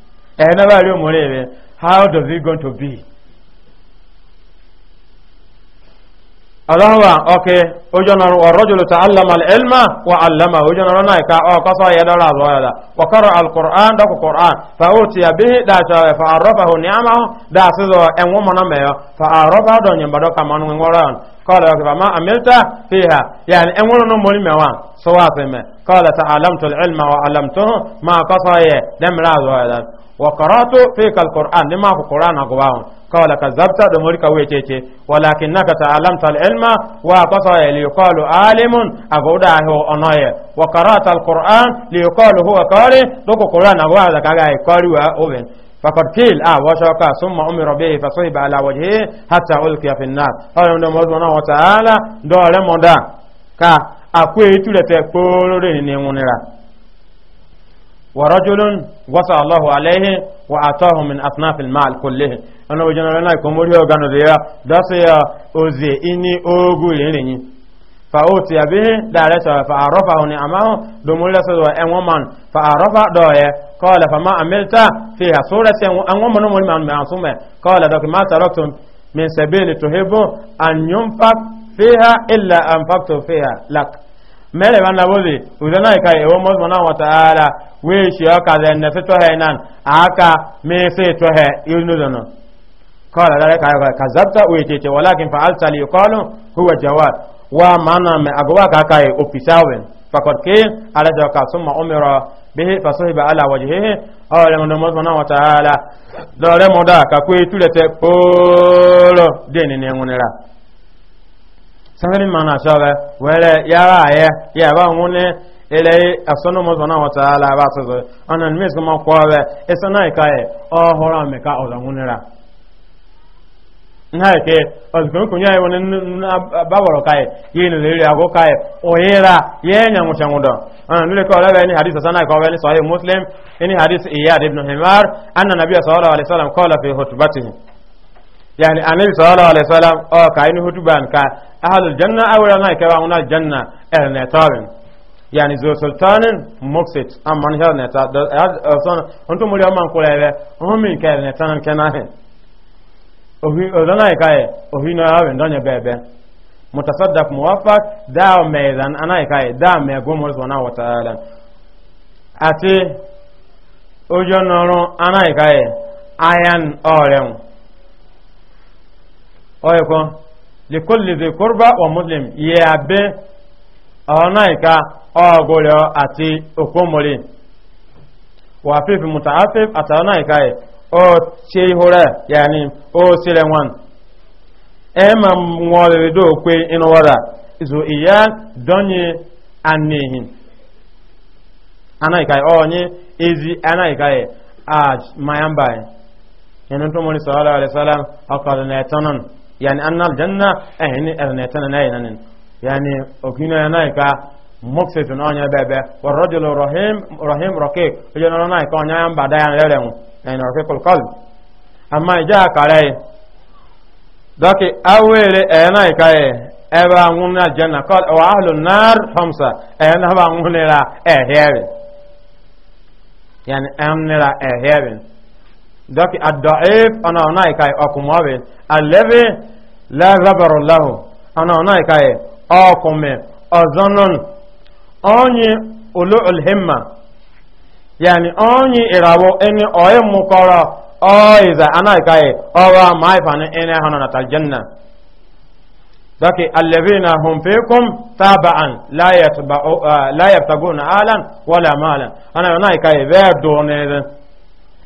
ẹ̀ẹ́nà bá rí òmùrẹ́ rẹ̀ how does it going to be ọlọ́wà ọkẹ́ ojúọ̀nàrún ọ̀rọ̀jùlù ta alamal elma wa alama ojúọ̀nàrún náà ká ọkọ́ sọ yẹ lọ́rọ̀ àzọ́ yàdá kọkọrọ̀ alkùnrán dákù kùnrán fa ó ti àbí dáṣọ rẹ̀ fa àrọ́fà hù ní àmàhùn dáṣízọ ẹ̀wọ̀n mọ́nà mẹ́yọ fa àrọ́fà dọ̀nyìn bàdọ́ kàmánú wọ́rọ̀ قال فما عملت فيها يعني ان ولن مول ميوان سواسمه قال تعلمت العلم وعلمته ما قصايه دم راز wa qara'tu fika alquran nima ku quran na gwa qala kazabta da murika wece ce walakinnaka ta'alamta alilma wa qasa li yuqalu alimun agoda ho onoye wa qara'ta alquran li yuqalu huwa qari to ku quran na gwa da kaga qari wa oben فقد قيل اه وشوكا ثم امر به فصيب على وجهه حتى القي في النار قال ان الله وتعالى دور مدا كا اكو ايتو لته كورو ني نيمونرا ورجل وسع الله عليه وأعطاه من أصناف المال كله أنا وجنا لنا كموري أغانو ديا داسيا أوزي إني أوغو ليني فأوتي به دارس فعرفه نعمه دمول سوى أمومن فعرف دوية قال فما عملت فيها سورة أمومن مهم من معصومة قال دوك ما تركتم من سبيل تهب أن ينفق فيها إلا أنفقت فيها لك mere bana bozi uzana kai ewo mo subhanahu wa ta'ala we shi aka da na fito he nan aka me se to he yunu dono qala la ka ka zabta we tete walakin fa'alta li jawad wa mana me agwa ka kai e ofisawen fakot ke ala da ka summa umira bihi fasuhiba ala wajhihi awala mo mo subhanahu wa ta'ala dole mo da ka ku sahari mana shabe were yara aye ya ba ngune ile asonu mo zona wata ala ba so so anan mes ko ma ko we esana ikaye o hora me ka o zangunira na ke o ko ko nyaye won ba woro kaye yin le le ago kaye o yera ye nya mu changudo anan le ko ala ni hadith sana ko we ni sahih muslim ni hadith iyad ibn himar anna nabiy sallallahu alaihi wasallam qala fi hutbatihi yani anabi sallallahu alaihi wasallam o oh, ka ini hutuban ka ahlul janna awra na ka wa janna el ne tawin yani zo sultanin muksit amman hel ne ta son onto muri amman kulebe o min ka el ne tan kenahe ohi odana eh, ka e ohi na awen danya bebe mutasaddaq muwaffaq da mezan ana ka e da me gomor zona wa ta'ala ati ojo noro ana ka e ayan orem ọyọkọ likolli zi kurba wa muslim yẹ abẹ ọ̀nà ìka àti òkúmọ̀lẹ̀ wà fífi mùtà áfíf àtàwọn ìka ẹ̀ ó ṣe ó sílẹ̀ wọn ẹ ma wọ́n lè dó pé inú wọ́dà ìzò ìyá dọ́nyẹ ẹ̀ ọ̀nyẹ ezi ẹ̀ ẹ̀ ẹni tó ní ọkọ̀ yani annal janna ehni ernetana eh, nayanin yani okina yanayka mokse tun anya bebe wa rajul rahim rahim raqiq yana nay ko nya yan badaya lele mu nayna ko kul kal amma ja kare doki awele yanayka e eba munna janna qal wa ahlun nar khamsa yana eh, ba munela ehere yani amnela ehere dɔki a dɔif ɔnà ɔnà yi ka yi ɔkumɔbi alɛbi la zabaru lahu ɔnà ɔnà yi ka yi ɔkumɛ ɔzɔnun ɔnyi olu olhimma yani ɔnyi irawo ɛni ɔyɛ mukɔrɔ ɔyiza ɔnà yi ka yi ɔwa maa yi fani ɛnɛ hɔnɔ nata janna dɔki alɛbi na hunfikum taaba'an la yabtaguna alan wala maalan ɔnà ɔnà yi ka yi bɛɛ dɔɔnɛɛdɛ.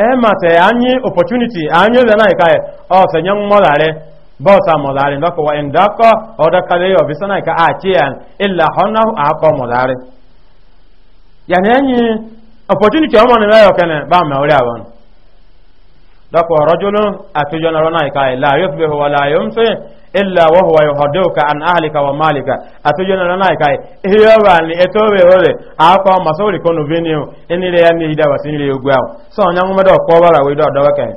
emate anyị opportunity anyị ụzọ na ikaye ọsọ oh, nye mmọlarị bọs amọlarị ndọkọwa ndakọ ọdakarị ọbịsa na ya ịla họna ya na opportunity ọmọ na meyọ kene ba ma ori awon dọkọ rọjulu atujọ na rọ na illa wa huwa yuhadduka an ahlika wa malika atujona na nai kai hiyo bani etobe ole akwa masori kono venio enire ya ni hida wasinire yogwao so nyangu medo ko bara we do dawa kai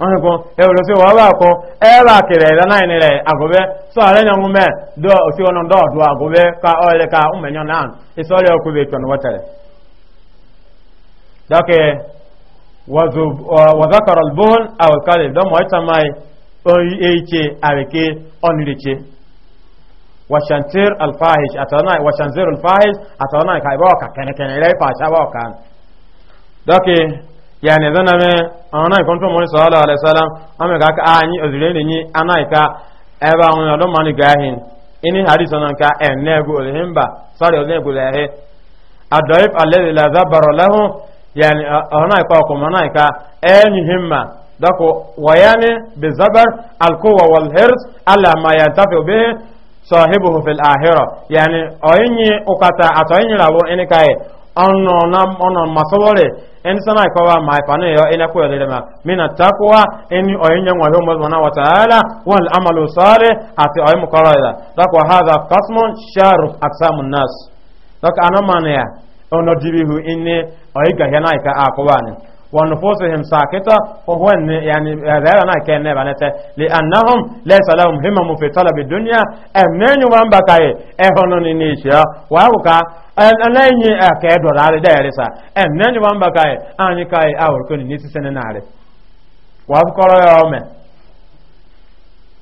onye ko e wolo se wa ba ko e ba kire la nai nire agobe so ale nyangu me do osi ono do do agobe ka ole ka umenyo nan isole okube ton watale dake وذكر البهن أو الكلب ده ما يتمعي eiche arike oniriche washantir alfahish atana washanzir alfahish atana ka ibo ka kene kene ile pa cha boka doki yani zana me ana ikon to mo sallallahu alaihi wasallam ame ka ka anyi ozire ni ana ka eba on lo mani gahin ini hadith onan ka enego himba sorry onego lehe adoif alladhi la zabara lahu yani ana ka ko mana ka enyi himma dako wayane bi zabar alquwa wal hirs ala ma yantafi bihi sahibuhu fil akhirah yani oyin ukata atoyin rawo eni kai ọ̀nà ọ̀nà masọ́wọ́rẹ̀ ẹni sánà ìkọwà ma ìfàní ẹ̀yọ ẹni kó ẹ̀lẹ́rẹ̀ ma mina takuwa ẹni ọ̀yẹ́nyẹ wọn yóò mọ́sùn náà wàtàálà wọn amalu sọ́ọ̀rẹ̀ àti ọ̀yẹ́ mọ̀kọ́rọ̀ ẹ̀dà dọ́kọ̀ haza kasmon sharuf aksamun nas dọ́kọ̀ anamaniya ọ̀nà dìbìhù ẹni ọ̀yẹ́ gàhẹ́ náà ìka àkọwà ni wọn fo sehin saketa fo hwen ne yani rẹrẹ na kẹ nẹba nẹtẹ le anahum lẹsa lahum hima mu fi tọla bi dunya ẹ mẹnyu wa mba ka ye ẹ hono ni ne ṣe ka ẹ ẹ lẹyin ẹ kẹ dọla ale dẹyẹ sa ẹ ka ye anyi ka ye awo ko ni ne sise ne naare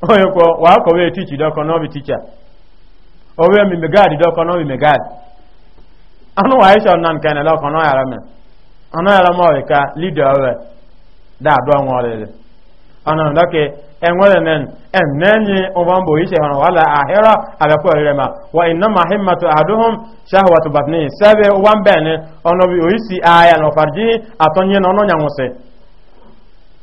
wa tichi dọkọ n'obi ticha owe mi megadi dọkọ n'obi megadi anu wa ayesha ọna nkẹ ne lọkọ n'oyara ana ala ma wɛ ka lida wɛ daa dɔn wɔre de ana yɛrɛ ke ɛnwɛrɛ nɛn ɛnɛn ye o b'an bo isɛ hɔn wala a hɛrɛ a ma wa ina ma hima to a dohom sahawatu o b'an bi o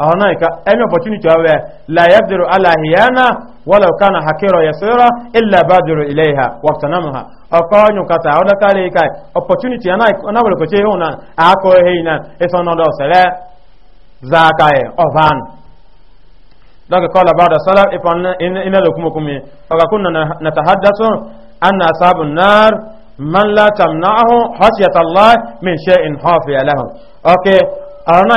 أنا أي opportunity أوه لا يقدر على هيانا ولو كان حكيرا يسيرا إلا بادر إليها واغتنمها أقول نكتا أولا كالي إك opportunity أنا أنا ولا كشيء هنا أكو هنا إثنا لا سلا زاكاي أفان لك قال بعد السلام إفن إن إن لكم كمي فكنا نتحدث أن أصحاب النار من لا تمنعه حسية الله من شيء خافي لهم أوكي أنا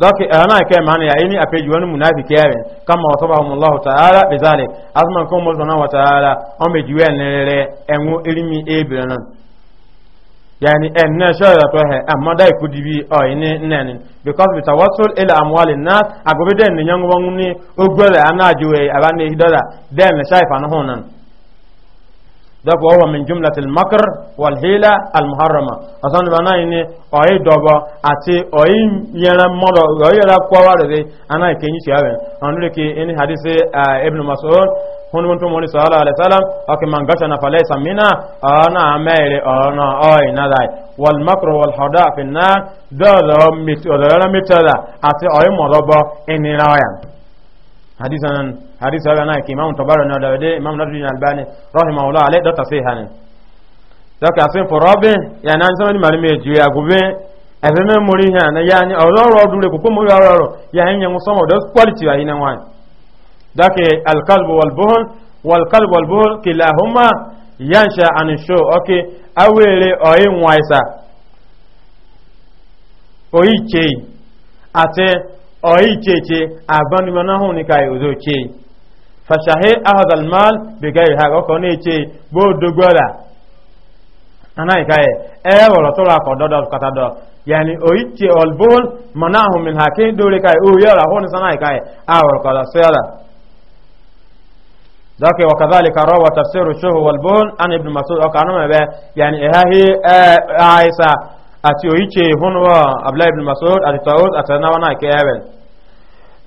donc ana euh, ke man ya ini apeji wani munafiki yawe kama wasabahum Allah ta'ala bizalik azman ko mo subhanahu wa ta'ala on be jiwe nere enwo ilimi ebirana yani dibi ini because ila ana den ذاك هو من جملة المكر والهيلة المحرمة أصلا بنا إن أي دوبا أتي أي يلا مرة أي لا كوارد ذي أنا يكيني شيئا أنا لك إن حديث آه، ابن مسعود هون من تومون صلى الله عليه وسلم أك من غشنا فليس منا أنا أميري أنا أي نداي والمكر والحداء في النار ذا ذا مت ذا مت ذا أتي أي مرة إن رايان حديثنا hadisi wa na ki imam tabari na dawde imam nadri albani rahimahullah alayhi dota sai hanin asin sin forobe ya nan so ni marme ju ya gubin ebe me muri ha na ya ni ororo dure ko ko muri ororo ya hen yan so mo dos quality wa hinan wan doka eh, al qalb wal buhun wal qalb wal buhun kilahuma yansha an sho okay awere oyin waisa oyi chei ate oyi cheche agbanumana hun ni kai ozo chei fashahe ahadal mal bigayri ha ọkọ ní eche bó dogola ana ikaye e wọrọ tọrọ akọ dọdọ katadọ yani oyiche olbol mana ahụ min ha ke dore kai o yọra hụ nisana ikaye a wọrọ kọla sọyala ذاك وكذلك روى تفسير الشوه والبون عن ابن مسعود وكانوا يعني هي عائشة أتيويتشي هنوا أبلا ابن مسعود أتي طاووس أتناونا كأبل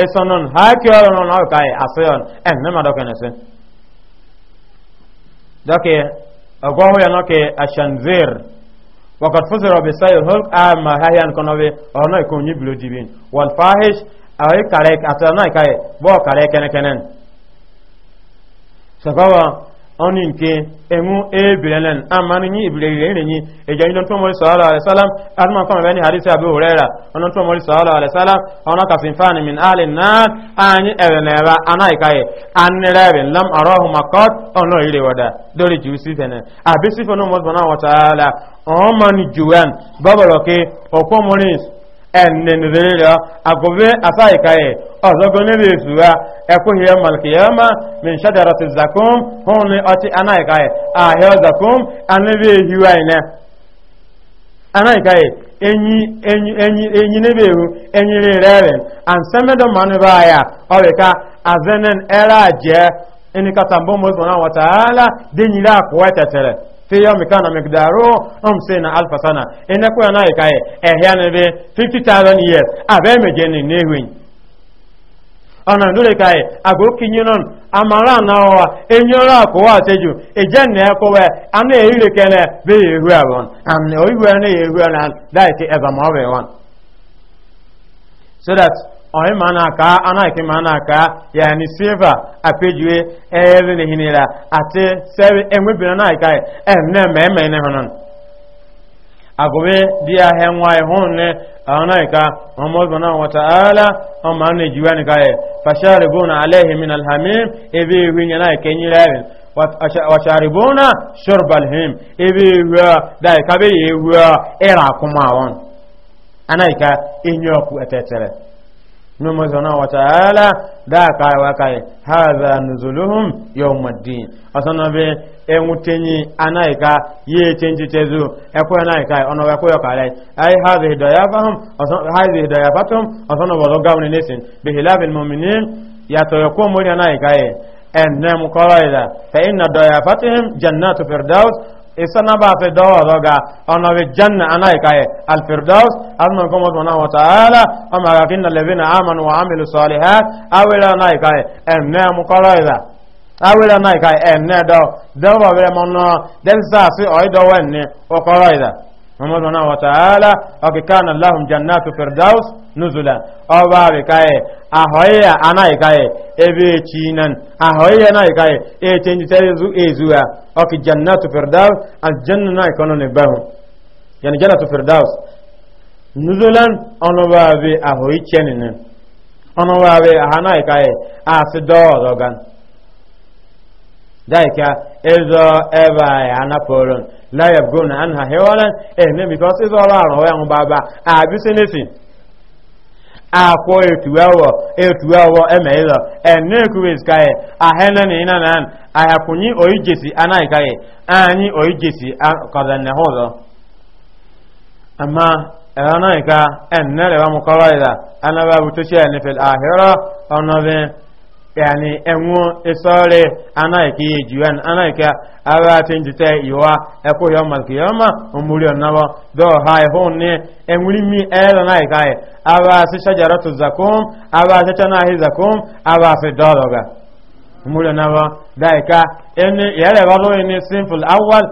esonon haki ọrọ na ọka yi e, asọyọn ẹn eh, ní ma dọkẹ nẹsẹ dọkẹ ọgọhọ yẹn nọkẹ ashanzir wakọt fúsirọ bi sayo hulk a ma hahiyan kọnọ bi ọ̀nà ikọ̀ onye bìlò wal fahish àwọn kàrẹ́ àtàwọn náà ìka yẹ e, bọ́ọ̀ kàrẹ́ kẹ́nẹ́kẹ́nẹ́ sọfọwọ́ oni nke enwu ebirelen amani ni ibirelen ni eja ni nto mori sallallahu alaihi wasallam adma kama bani hadisi abu huraira ono nto mori sallallahu alaihi wasallam min ahli nar ani ebeneba anai kai anreben lam arahu maqat ono ile wada dole jusi tene abisi fono mo bana wa taala o mani babaloke o ko ẹnìnìdìnlẹ̀ àgọ́bẹ́ àsáìkáyẹ̀ ọ̀zọ́gbọ́n níbi ìṣúra ẹkùnhìyẹ malkiyama min ti zakum hún ní ọtí anáìkáyẹ̀ ààyẹ zakum anábí ìhìwá iná anáìkáyẹ̀ enyi níbi ìhù enyi rí rẹ̀rẹ̀ ànsẹ́mẹ́dọ̀ manúbà àyà ọ̀rẹ̀ká azẹ́nẹ̀ ẹ̀rà jẹ́ ẹnikàtàmbọ́n mọ́sùn náà wọ̀tàálà dẹ́nyìlá àkúwẹ́ tẹ̀tẹ̀rẹ̀ fi yawmi kana miqdaruhu hamsina alfa sana ina ko na ka e hia ne be 50000 years abe me je ni nehwen ana ndure kai ago kinyonon amara na owa enyora ko wa teju eje na ko we ana e ire kene be yehu abon am ne oiwe na yehu na dai ti eba ma one so that ọ̀rin ma na aka anáìkí ma na aka ya ni silva apejue ẹ̀yẹ́rin ni hinira àti sẹ́rí ẹ̀mẹ́bìnrin náà ìka ẹ̀mẹ́ mẹ́mẹ́ ní hàn agobe di nwa ihun ní àwọn náà ìka ọmọ ọdún náà wọ́n ọmọ anú ìjìwá nìka na ala ehi min alhamim ebe ihu nyẹ náà shorbalhim ebe ihu ya ihu ọkụ etetere. numu zana wa ta'ala da kai wa kai hadha nuzuluhum yawmuddin asana be enwutenyi anaika ye chenji tezu ekwe anaika ono ga koyo kale ai hadha hidayatahum asana hadha hidayatum asana wa gawni nesin bi hilabil mumini ya to yakwa muri anayika. e en ne mu kala ida fa inna dayafatihim jannatu firdaus isana ba fe dawa doga ona be janna ana ikaye e al firdaus anna kuma subhanahu wa ta'ala amma lakinna alladhina amanu wa amilu salihat awila ana ikaye e enna muqaraida awila ana ikaye e enna do dawa be mono delsa si oido wenne uqaraida muhammadu na wa ta'ala ọkì kánà lahum jannatu firdaus nuzula ọba abikaye ahoyya anaikaye ebe chinan ahoyya anaikaye e chenji tare zu ezuwa ọkì jannatu firdaus aljanna na ikono ne bahu yani jannatu firdaus nuzulan ọnụwa abe ahoyi chenin ọnụwa abe ahanaikaye a si dọọ ọzọ gan daika ezo ebe anyị anapụrụ layab gona an ha hewalan eh, ah, ah, eme bikos ịzọ ọrụ arụ ya ngwa ba abisi n'isi akwo etuwewo etuwewo eme ịzọ ene ekuwes kaị ahene na ịna na ahakwunyi oijesi anaghị kaị anyị ah, oijesi kọzanne ha ụzọ amma ẹ̀rọ náà ìka ẹ̀nẹ́rẹ̀ wọn kọ́rọ̀ ìlà anábàbù tó yani enwo isore anaike ana anaike ara tin jite iwa eko yo man ki yoma umuri onawo do hai hon ni enwiri mi era naika e ara si shajaratu zakum ara si tana hi zakum ara si dologa umuri da daika eni yele walo ini simple awal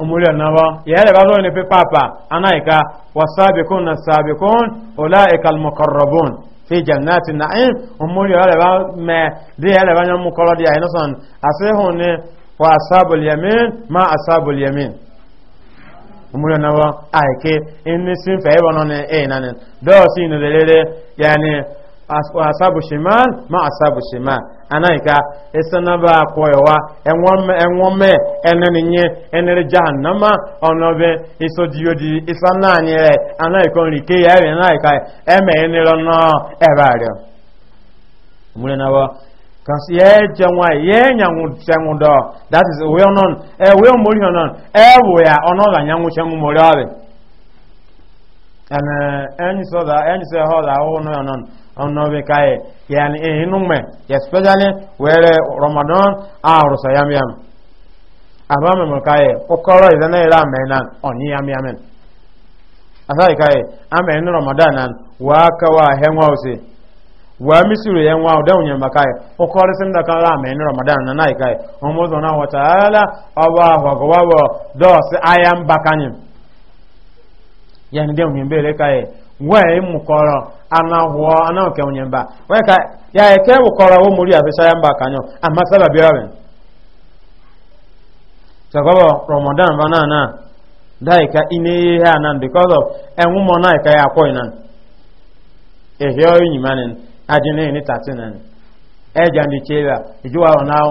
umuri onawo yele walo pe papa anaika wasabikun nasabikun ulaika almuqarrabun fi jannati na'im umuri ala ba me de ala ba nyamu kolo dia ina son asehu ne wa ashabul yamin ma ashabul yamin umuri na wa aike in sin fa e wono ne e nanen do sin lele yani asabu shiman ma asabu shiman anaika esana ba koyowa enwome enwome eneninye enere jahannama onobe isodiyodi isana anyere anaika onrike ya ebe anaika eme enere no ebario mure nawo kasi ye jẹnwa ye nyanwu sẹnwu dọ that is owe ọnọn na owe ọmọri ọnọn ẹ wò ya ọnọdà nyanwu sẹnwu mọri ọrẹ ẹnì Onu obi ka eya na especially were Ramadan arụsọ ah, yam yam. Arụsọ mmiri ka eyi okoro ezinụlọ amainan ọ oh, nyi yam yam. Asayi ka eyi amaini Ramadan wa kawa ewu ahụsi. Waa misiri ewu a ọ dịghị onyembe ka eyi okoro simba ka ndị Ramadan na nayi ka eyi. na nwata ala ọ bụ afọ gọbobo dọọsị Ayambakanyi. Ya ndị ohembe eri ka eyi mụkọrọ. anahụọ anahụke onye mba wee ka ya eke wụkọrọ ụmụ ya afesa ya mba ka anyọ amasala bịara sọgọbọ ramadan ba na na daika ine ihe ha na because of enwu mọ na ka ya akwọ ina ehio enyi manin ajine ni tatin eja ndi chela ijuwa onao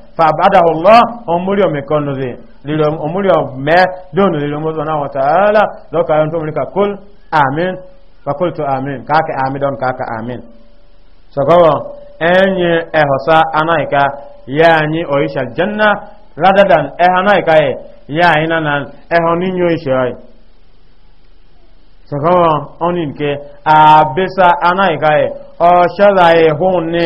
فابعده الله أمري ومكنوزي أمري وما دون للموت سبحانه وتعالى لو كان تملك كل آمين فقلت آمين كاك آمين دون كاك آمين سكوا أني أهسا أنايكا يعني أعيش الجنة rather than أهنايكا يعني نان أهنين يعيشي سكوا أنينك أبسا أنايكا أشلا يهوني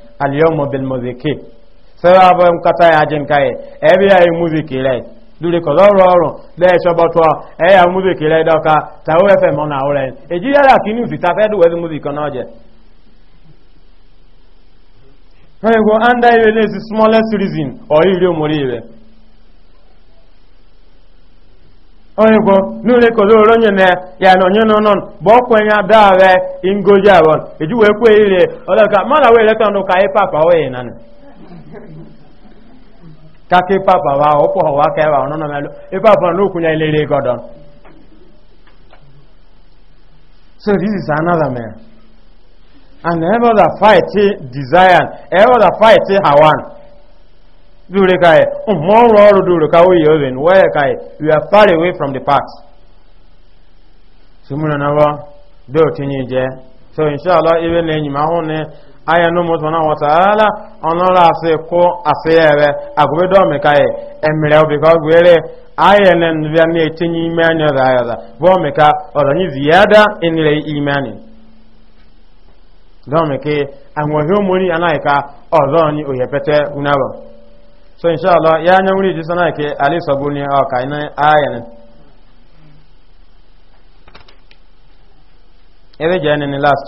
alyawma bil muziki sara ba m kata ya jin kai e bi ya muziki re dure ko lo ro ro le so bo to e ya muziki re do ka ta o fe mo na o re e ji ya ki ni ta fe muziki na je Hey, go under you is the smallest reason onyego n'ule kodo onye na ya na onye n'ụnọ bụ ọkwenye adaghe ngoji abụọ eji wee kwe ire ọlọka mana wee leta ndụ ka ịpapa wee na kaka ịpapa wa ọkwọ ọwa aka ịwa ọnụ n'ọmelụ ịpapa na okwunye ilere godon so this is another man and ever the fight desire ever the fight hawan dure kai mo ro dure we yo ben we kai we are far away from the past sumuna na wa do tinye je so inshallah even na nyima ho ne aya no mo sona wa taala onora ere agobe do me emire obi ko gwere aya ne ime anya ka ke oyepete so inshallah ya nya wuri ji sana ke ali sabuni a ah, kai na ayan ebe je ni last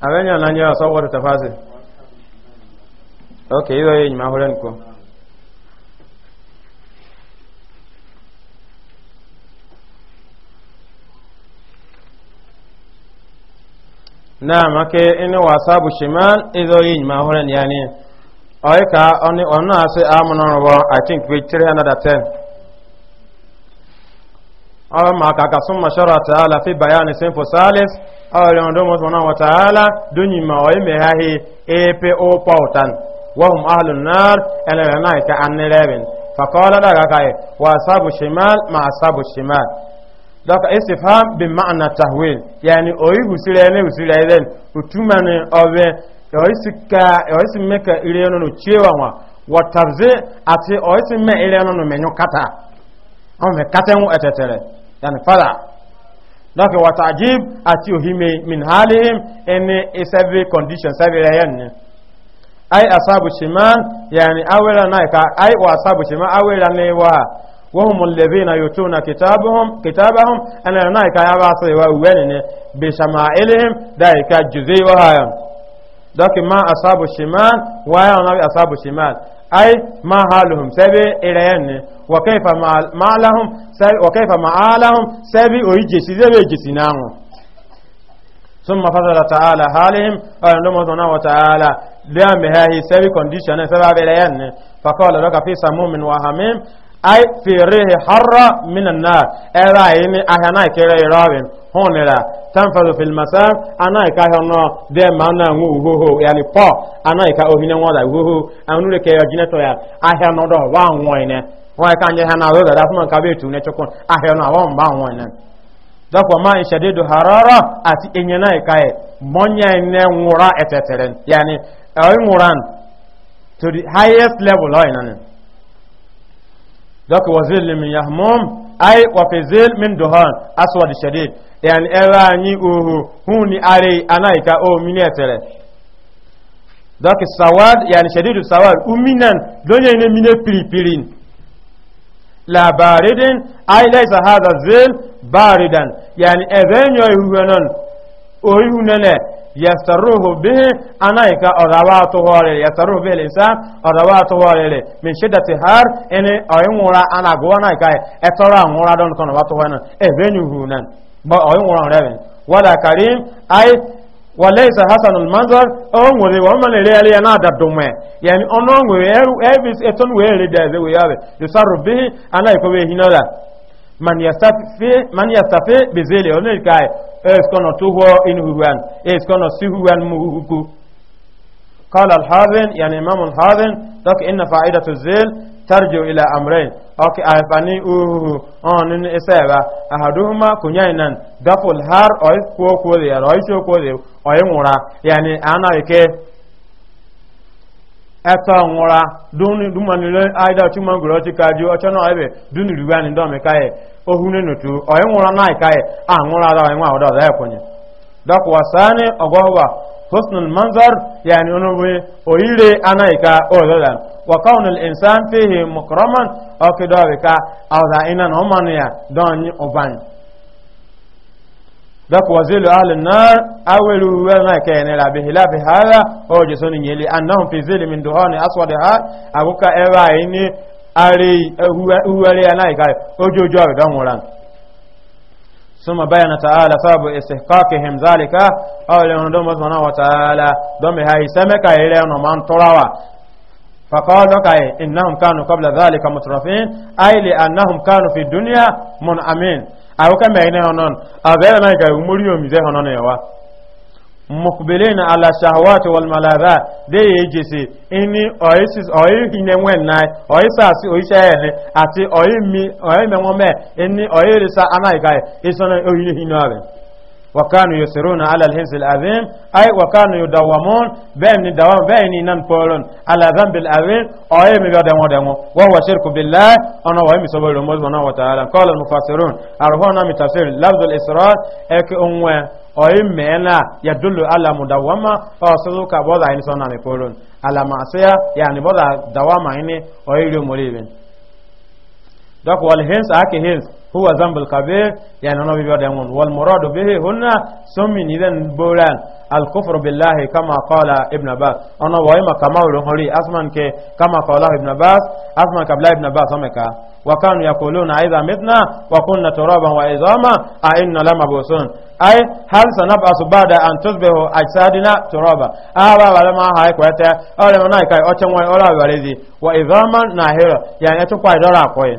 abenya na nya sawar tafasir okay yo ni ma horen ko naam ake ini wasabu shimal ido yin ma horen yani oy ka oni onna ase amono ro i think page 310 aw ma ka ka summa shara taala fi bayani sinfu salis aw le ndo mo o pautan wa hum ahlun nar ala na ka anreben فقال لك واصحاب الشمال مع اصحاب dɔk istifam bi ma'ana tahwil yani oyi husire ne husire den utuma ne ɔbɛ oyi si ka oyi si ka ire no no cewa wa tabze ati oyi si mɛ ire no no kata ɔn mɛ kata ŋu ɛtɛtɛrɛ yani fada dɔk wa ati ohime min halihim ɛni isɛbi condition sɛbi rɛ ni ai asabu shiman yani awela na ka ai wa asabu shiman awela ne wa وهم الذين يتون كتابهم كتابهم أنا هناك يا باصي وأولين بشمائلهم ذلك جزي وهاي ذاك ما أصاب الشمال وهاي نبي أصاب الشمال أي ما حالهم سبي إليهن وكيف ما لهم وكيف ما لهم سبي ويجسي سبي يجسينهم ثم فضل تعالى حالهم أعلم سبحانه وتعالى لأمها هي سبي كونديشن سبب إليهن فقال لك في سموم وهميم ai firihi harra minan na era ini ahia na kere irobin hunira tanfalu fil masar ana ka hono de mana ngu uhoho yani po ana ka ohine wala uhoho anure ke yajine to ya ahia no do wa nwoine wa ka nya ha na we da fun ka betu ne chokon ahia no wa mba nwoine dakwa ma ishadidu harara ati enyena ikae monya ne nwura eteteren yani oy nguran to the highest level oinanin dɔk wa zilli min yahmum ay wa fi zil min duhan aswad shadid yani ɛra ni oho huni are anai ka o mini ɛtɛrɛ dɔk sawad yani shadidu sawad uminan donye ne mine piripirin la baridin ay laysa hadha zil baridan yani ɛbɛnyɔ ihuhɛnɔn oyihunɛnɛ yastaruhu bihi anaika ọ̀dàwà tó họrẹ̀ yastaruhu bihi lisan ọ̀dàwà tó họrẹ̀ min shiddati har ẹni ọ̀yìn wúra anagowó anaika ẹ̀tọ́rọ àwọn wúra dọ́nù kan ọ̀bá tó họrẹ̀ ẹ̀bẹ́ ni hù náà bọ́ ọ̀yìn wúra rẹ̀ wọ́dà karim ay walaisa hasanul manzar ọ̀hún wòle wọ́n mọ̀ lè rí náà dàdùnmọ̀ yẹni ọ̀nà wòle ẹ̀bí ẹ̀tọ́n wòle rí dẹ̀ ẹ̀bẹ́ wòle yàwẹ̀ yusaru bihi anaika wòle hinala man yastafi bizeli ọ̀nà ìkáyẹ̀ اسكن توهو إن هوان اسكن سهوان مهوكو قال الحاذن يعني إمام الحاذن ذاك إن فائدة الزيل ترجع إلى أمرين أوكي أفني أوه أن إن إسبا أحدهما كنينا دفع الهار أو كو كو ذي أو يشو كو ذي أو يمورا يعني أنا يكي ẹtọ nwụra dumanile aida tuma ngoro chika ju ọchọ na ebe dunirigwa ni ndọmi kaye ohune nutu ọyị nwụra na kaye a nwụra ara ọyị nwa ọdọ ọdọ ẹkwenye dọkwa sani ọgọhụwa husnul manzar yani onwe oyire anaika ọdọda wa kaunul insan fihi mukraman ọkidọbika na ya dɔk wazilu ahli nnar awelu wɛŋa kɛɛne la bihilafi hada o jesoni nyeli annahum fi zili min duhani aswadi ha aguka ɛwaayi ni ari uwaliya na ikai ojojo awi dɔn wuran ثم بين تعالى سبب استحقاقهم ذلك أو لهم دوم سبحانه وتعالى دوم هاي سمك إلى نمان تراوا إنهم كانوا قبل ذلك مترفين أي لأنهم كانوا في الدنيا منعمين awoka mɛyine honon na ga umuri omize honon yawa mukbilin ala shahwati wal malaza de ye ini oasis oyi hine wen na oyi sasi oyi ati oyi mi oyi mewon me ini oyi risa anai kai isona oyi وكانوا يسرون على الهز العظيم أي وكانوا يدومون بين دوام بين ننفولون على ذنب العظيم أو يمي بدمو دمو وهو شرك بالله أنا وهم سبب الموز سبحانه وتعالى قال المفسرون أرفعنا من تفسير لفظ الإسراء أك أموه أو يمي أنا يدل على مدومة أو سلوك بوضع إنسان نفولون على معصية يعني بوضع دوامة إني أو يلو مريبين دوك والهنس أكي هنس هو ذنب الكبير يعني نبي بيبقى دمون والمراد به هنا سمين إذن بولان الكفر بالله كما قال ابن باس أنا وإما كما قال ابن كي كما قال ابن باس أسمان قال ابن باس أمكا وكانوا يقولون إذا متنا وكنا ترابا وإظاما أئنا بوسون أي هل سنبأس بعد أن تصبح أجسادنا ترابا أبا ولما هاي كويتا أولما نايكاي أتموي أولا ولدي وعظاما ناهرا يعني أتوقع دورا كوين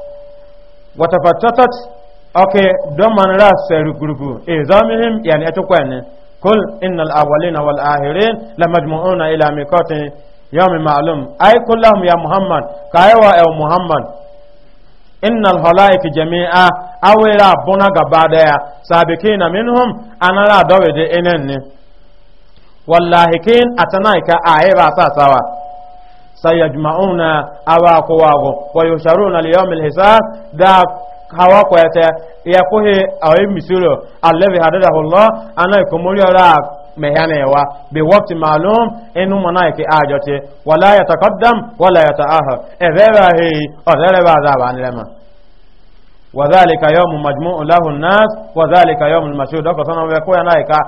وتفتتت أوكي دمن راس سيرقرقو إزامهم يعني أتقوين كل إن الأولين والآخرين لمجموعون إلى ميقات يوم معلوم أي كلهم يا محمد كايوا يا محمد إن الخلائق جميعا أولا بنا غبادا سابقين منهم أنا لا دوي دي إنن واللاهكين أتنايك آيبا ساسوا sayajma'una aba kowago wa yusharuna li yawmil hisab da hawa kwete ya kuhi awai misiro allazi hadadahu allah ana ikomori ara mehanewa bi waqti ma'lum inu manaiki ajote wala yataqaddam wala yata'akhir ezeba hi ozereba za nlema وذلك يوم مجموع له الناس وذلك يوم المشهود فصنع بكو ينايكا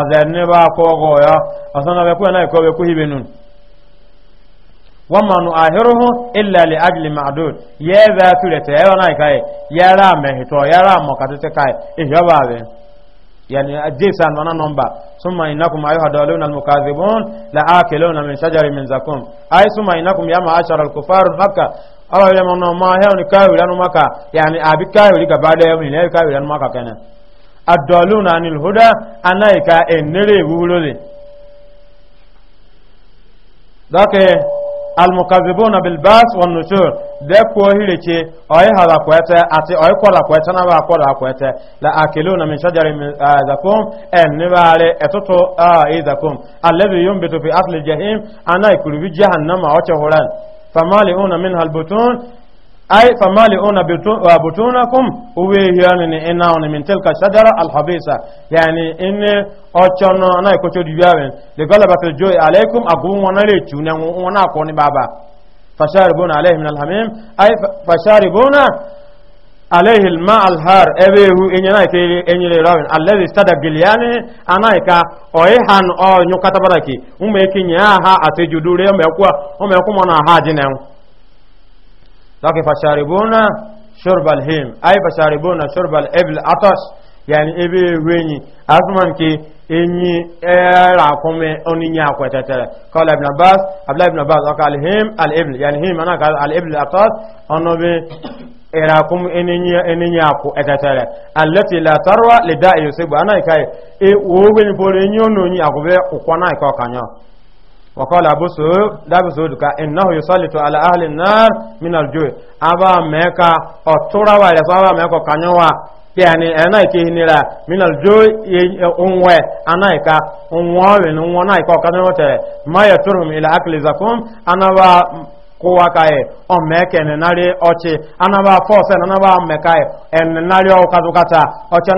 أذنبا كوغويا فصنع بكو ينايكو بكو هبنون wama nu ahiruhu illa li ajli ma'dud ye za tule te ya na kai ya ra me hito ya ra mo ka te kai e ya ba be yani ajisan wana nomba summa innakum ayuha daluna al mukazibun la akiluna min shajarin min zakum ay summa innakum ya ma'ashara al kufar hakka awa ya mo ma ya ni kai wi maka yani abi kai wi gaba da mi ne kai almukazibuna bilbas wan nushur de ko hirice oy hala kwete ati oy kola kwete na ba kola kwete la akiluna min shajarin min zakum en nibare etoto a izakum alladhi yumbitu fi asli jahim ana ikurubi jahannama wacha horan famaliuna minha albutun ay famali una butunakum uwehiyani ni enawni min tilka shajara alhabisa yani in ochono na ikocho diyawen de galabatu joy alaikum agun wona le tune wona akoni baba fasharibuna alaihi min alhamim ay fasharibuna alaihi alma alhar ebehu enyana ke enyere rawen allazi stada gilyani anaika oyi han o nyukata baraki umme kinya ha atejudure mekwa umme kuma na hajinen لكن فشاربون شرب الهيم أي فشاربون شرب الإبل أطش يعني إبي ويني أثمان كي إني أراكم أني أقوى تتلا قال ابن عباس قبل ابن عباس قال الهيم الإبل يعني هيم أنا قال الإبل أطش أنا بي إراكم أني أقوى تتلا التي لا تروى لداء يصيب أنا كاي إيه وين بورينيو نوني أقوى أقوى أنا كاي وقال أبو سعود دابو سعود إنه يسلط على أهل النار من الجوع أبا ميكا أطورا ولسوا ميكا كانوا يعني أنا كهني لا من الجوع أنوى أنا كا أنوى أنوى أنا كا كانوا ما يترهم إلى أكل زكوم أنا با kowa kae o anaba na anaba mekae en nari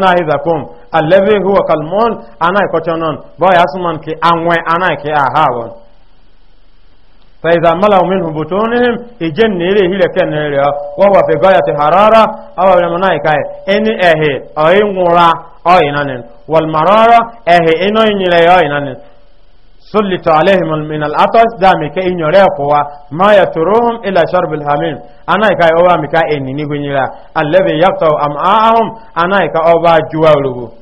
na hizakum allazi huwa kalmun ana ikochonon boy anwe ana ki فإذا ملأوا منه بطونهم إجن إليه لكن إليه وهو في غاية حرارة أو المنائك إن إهي أي مرا أي نانين والمرارة إهي إنو إن إليه أي نانين سلط عليهم من الأطس دامي كي إن يريقوا ما يتروهم إلى شرب الحميم أنا إكا أوامي كا إني نيقو نيلا الذي يقطع أمعاءهم أنا إكا أوبا جوالوه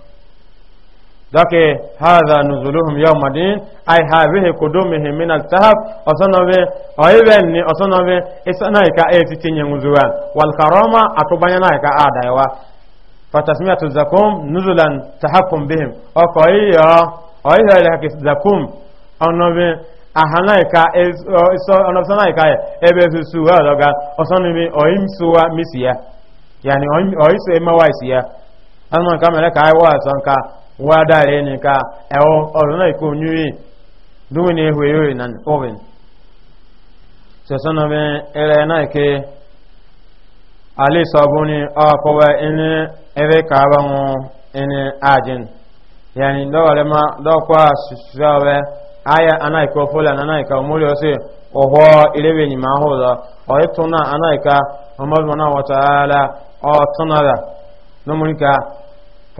dake hadha nuzuluhum yawma din ay habihi kudumihim min al-sahab osonobe oiben ni osonobe isanaika etitinye nguzuwa wal karama atubanyanaika adaiwa fatasmiyatu zakum nuzulan tahakum bihim okoiyo oiyo ile hakizakum onobe ahanaika iso onobsanaika e, ebe susu odoga osonimi oimsuwa misiya yani oisu emawaisiya anman kamere ka ai wa sonka wa dare ka ewo ọrụ na iko nyuyi duwe ne ehu yoyi nan oven so sono ere na ke ali sabuni a ko wa ene ere ka ba mu ene ajin yani ndo wale ma do kwa shuwe aya anaiko fola na naika umuri ose oho ilewe ni mahoda o etuna anaika Muhammadu wa ta'ala o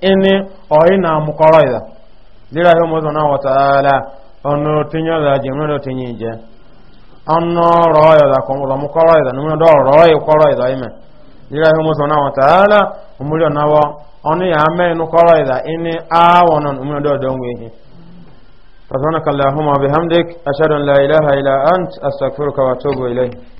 ini oina mukoroida dira yo mo na wa taala ono tinya da jemero tinyi je ono royo da ko mo mukoroida no do royo koroida ime dira yo mo na wa taala umulio na wa ono ya me no koroida ini a wonon umulio do do ngwe سبحانك اللهم وبحمدك أشهد أن لا إله إلا أنت أستغفرك وأتوب إليك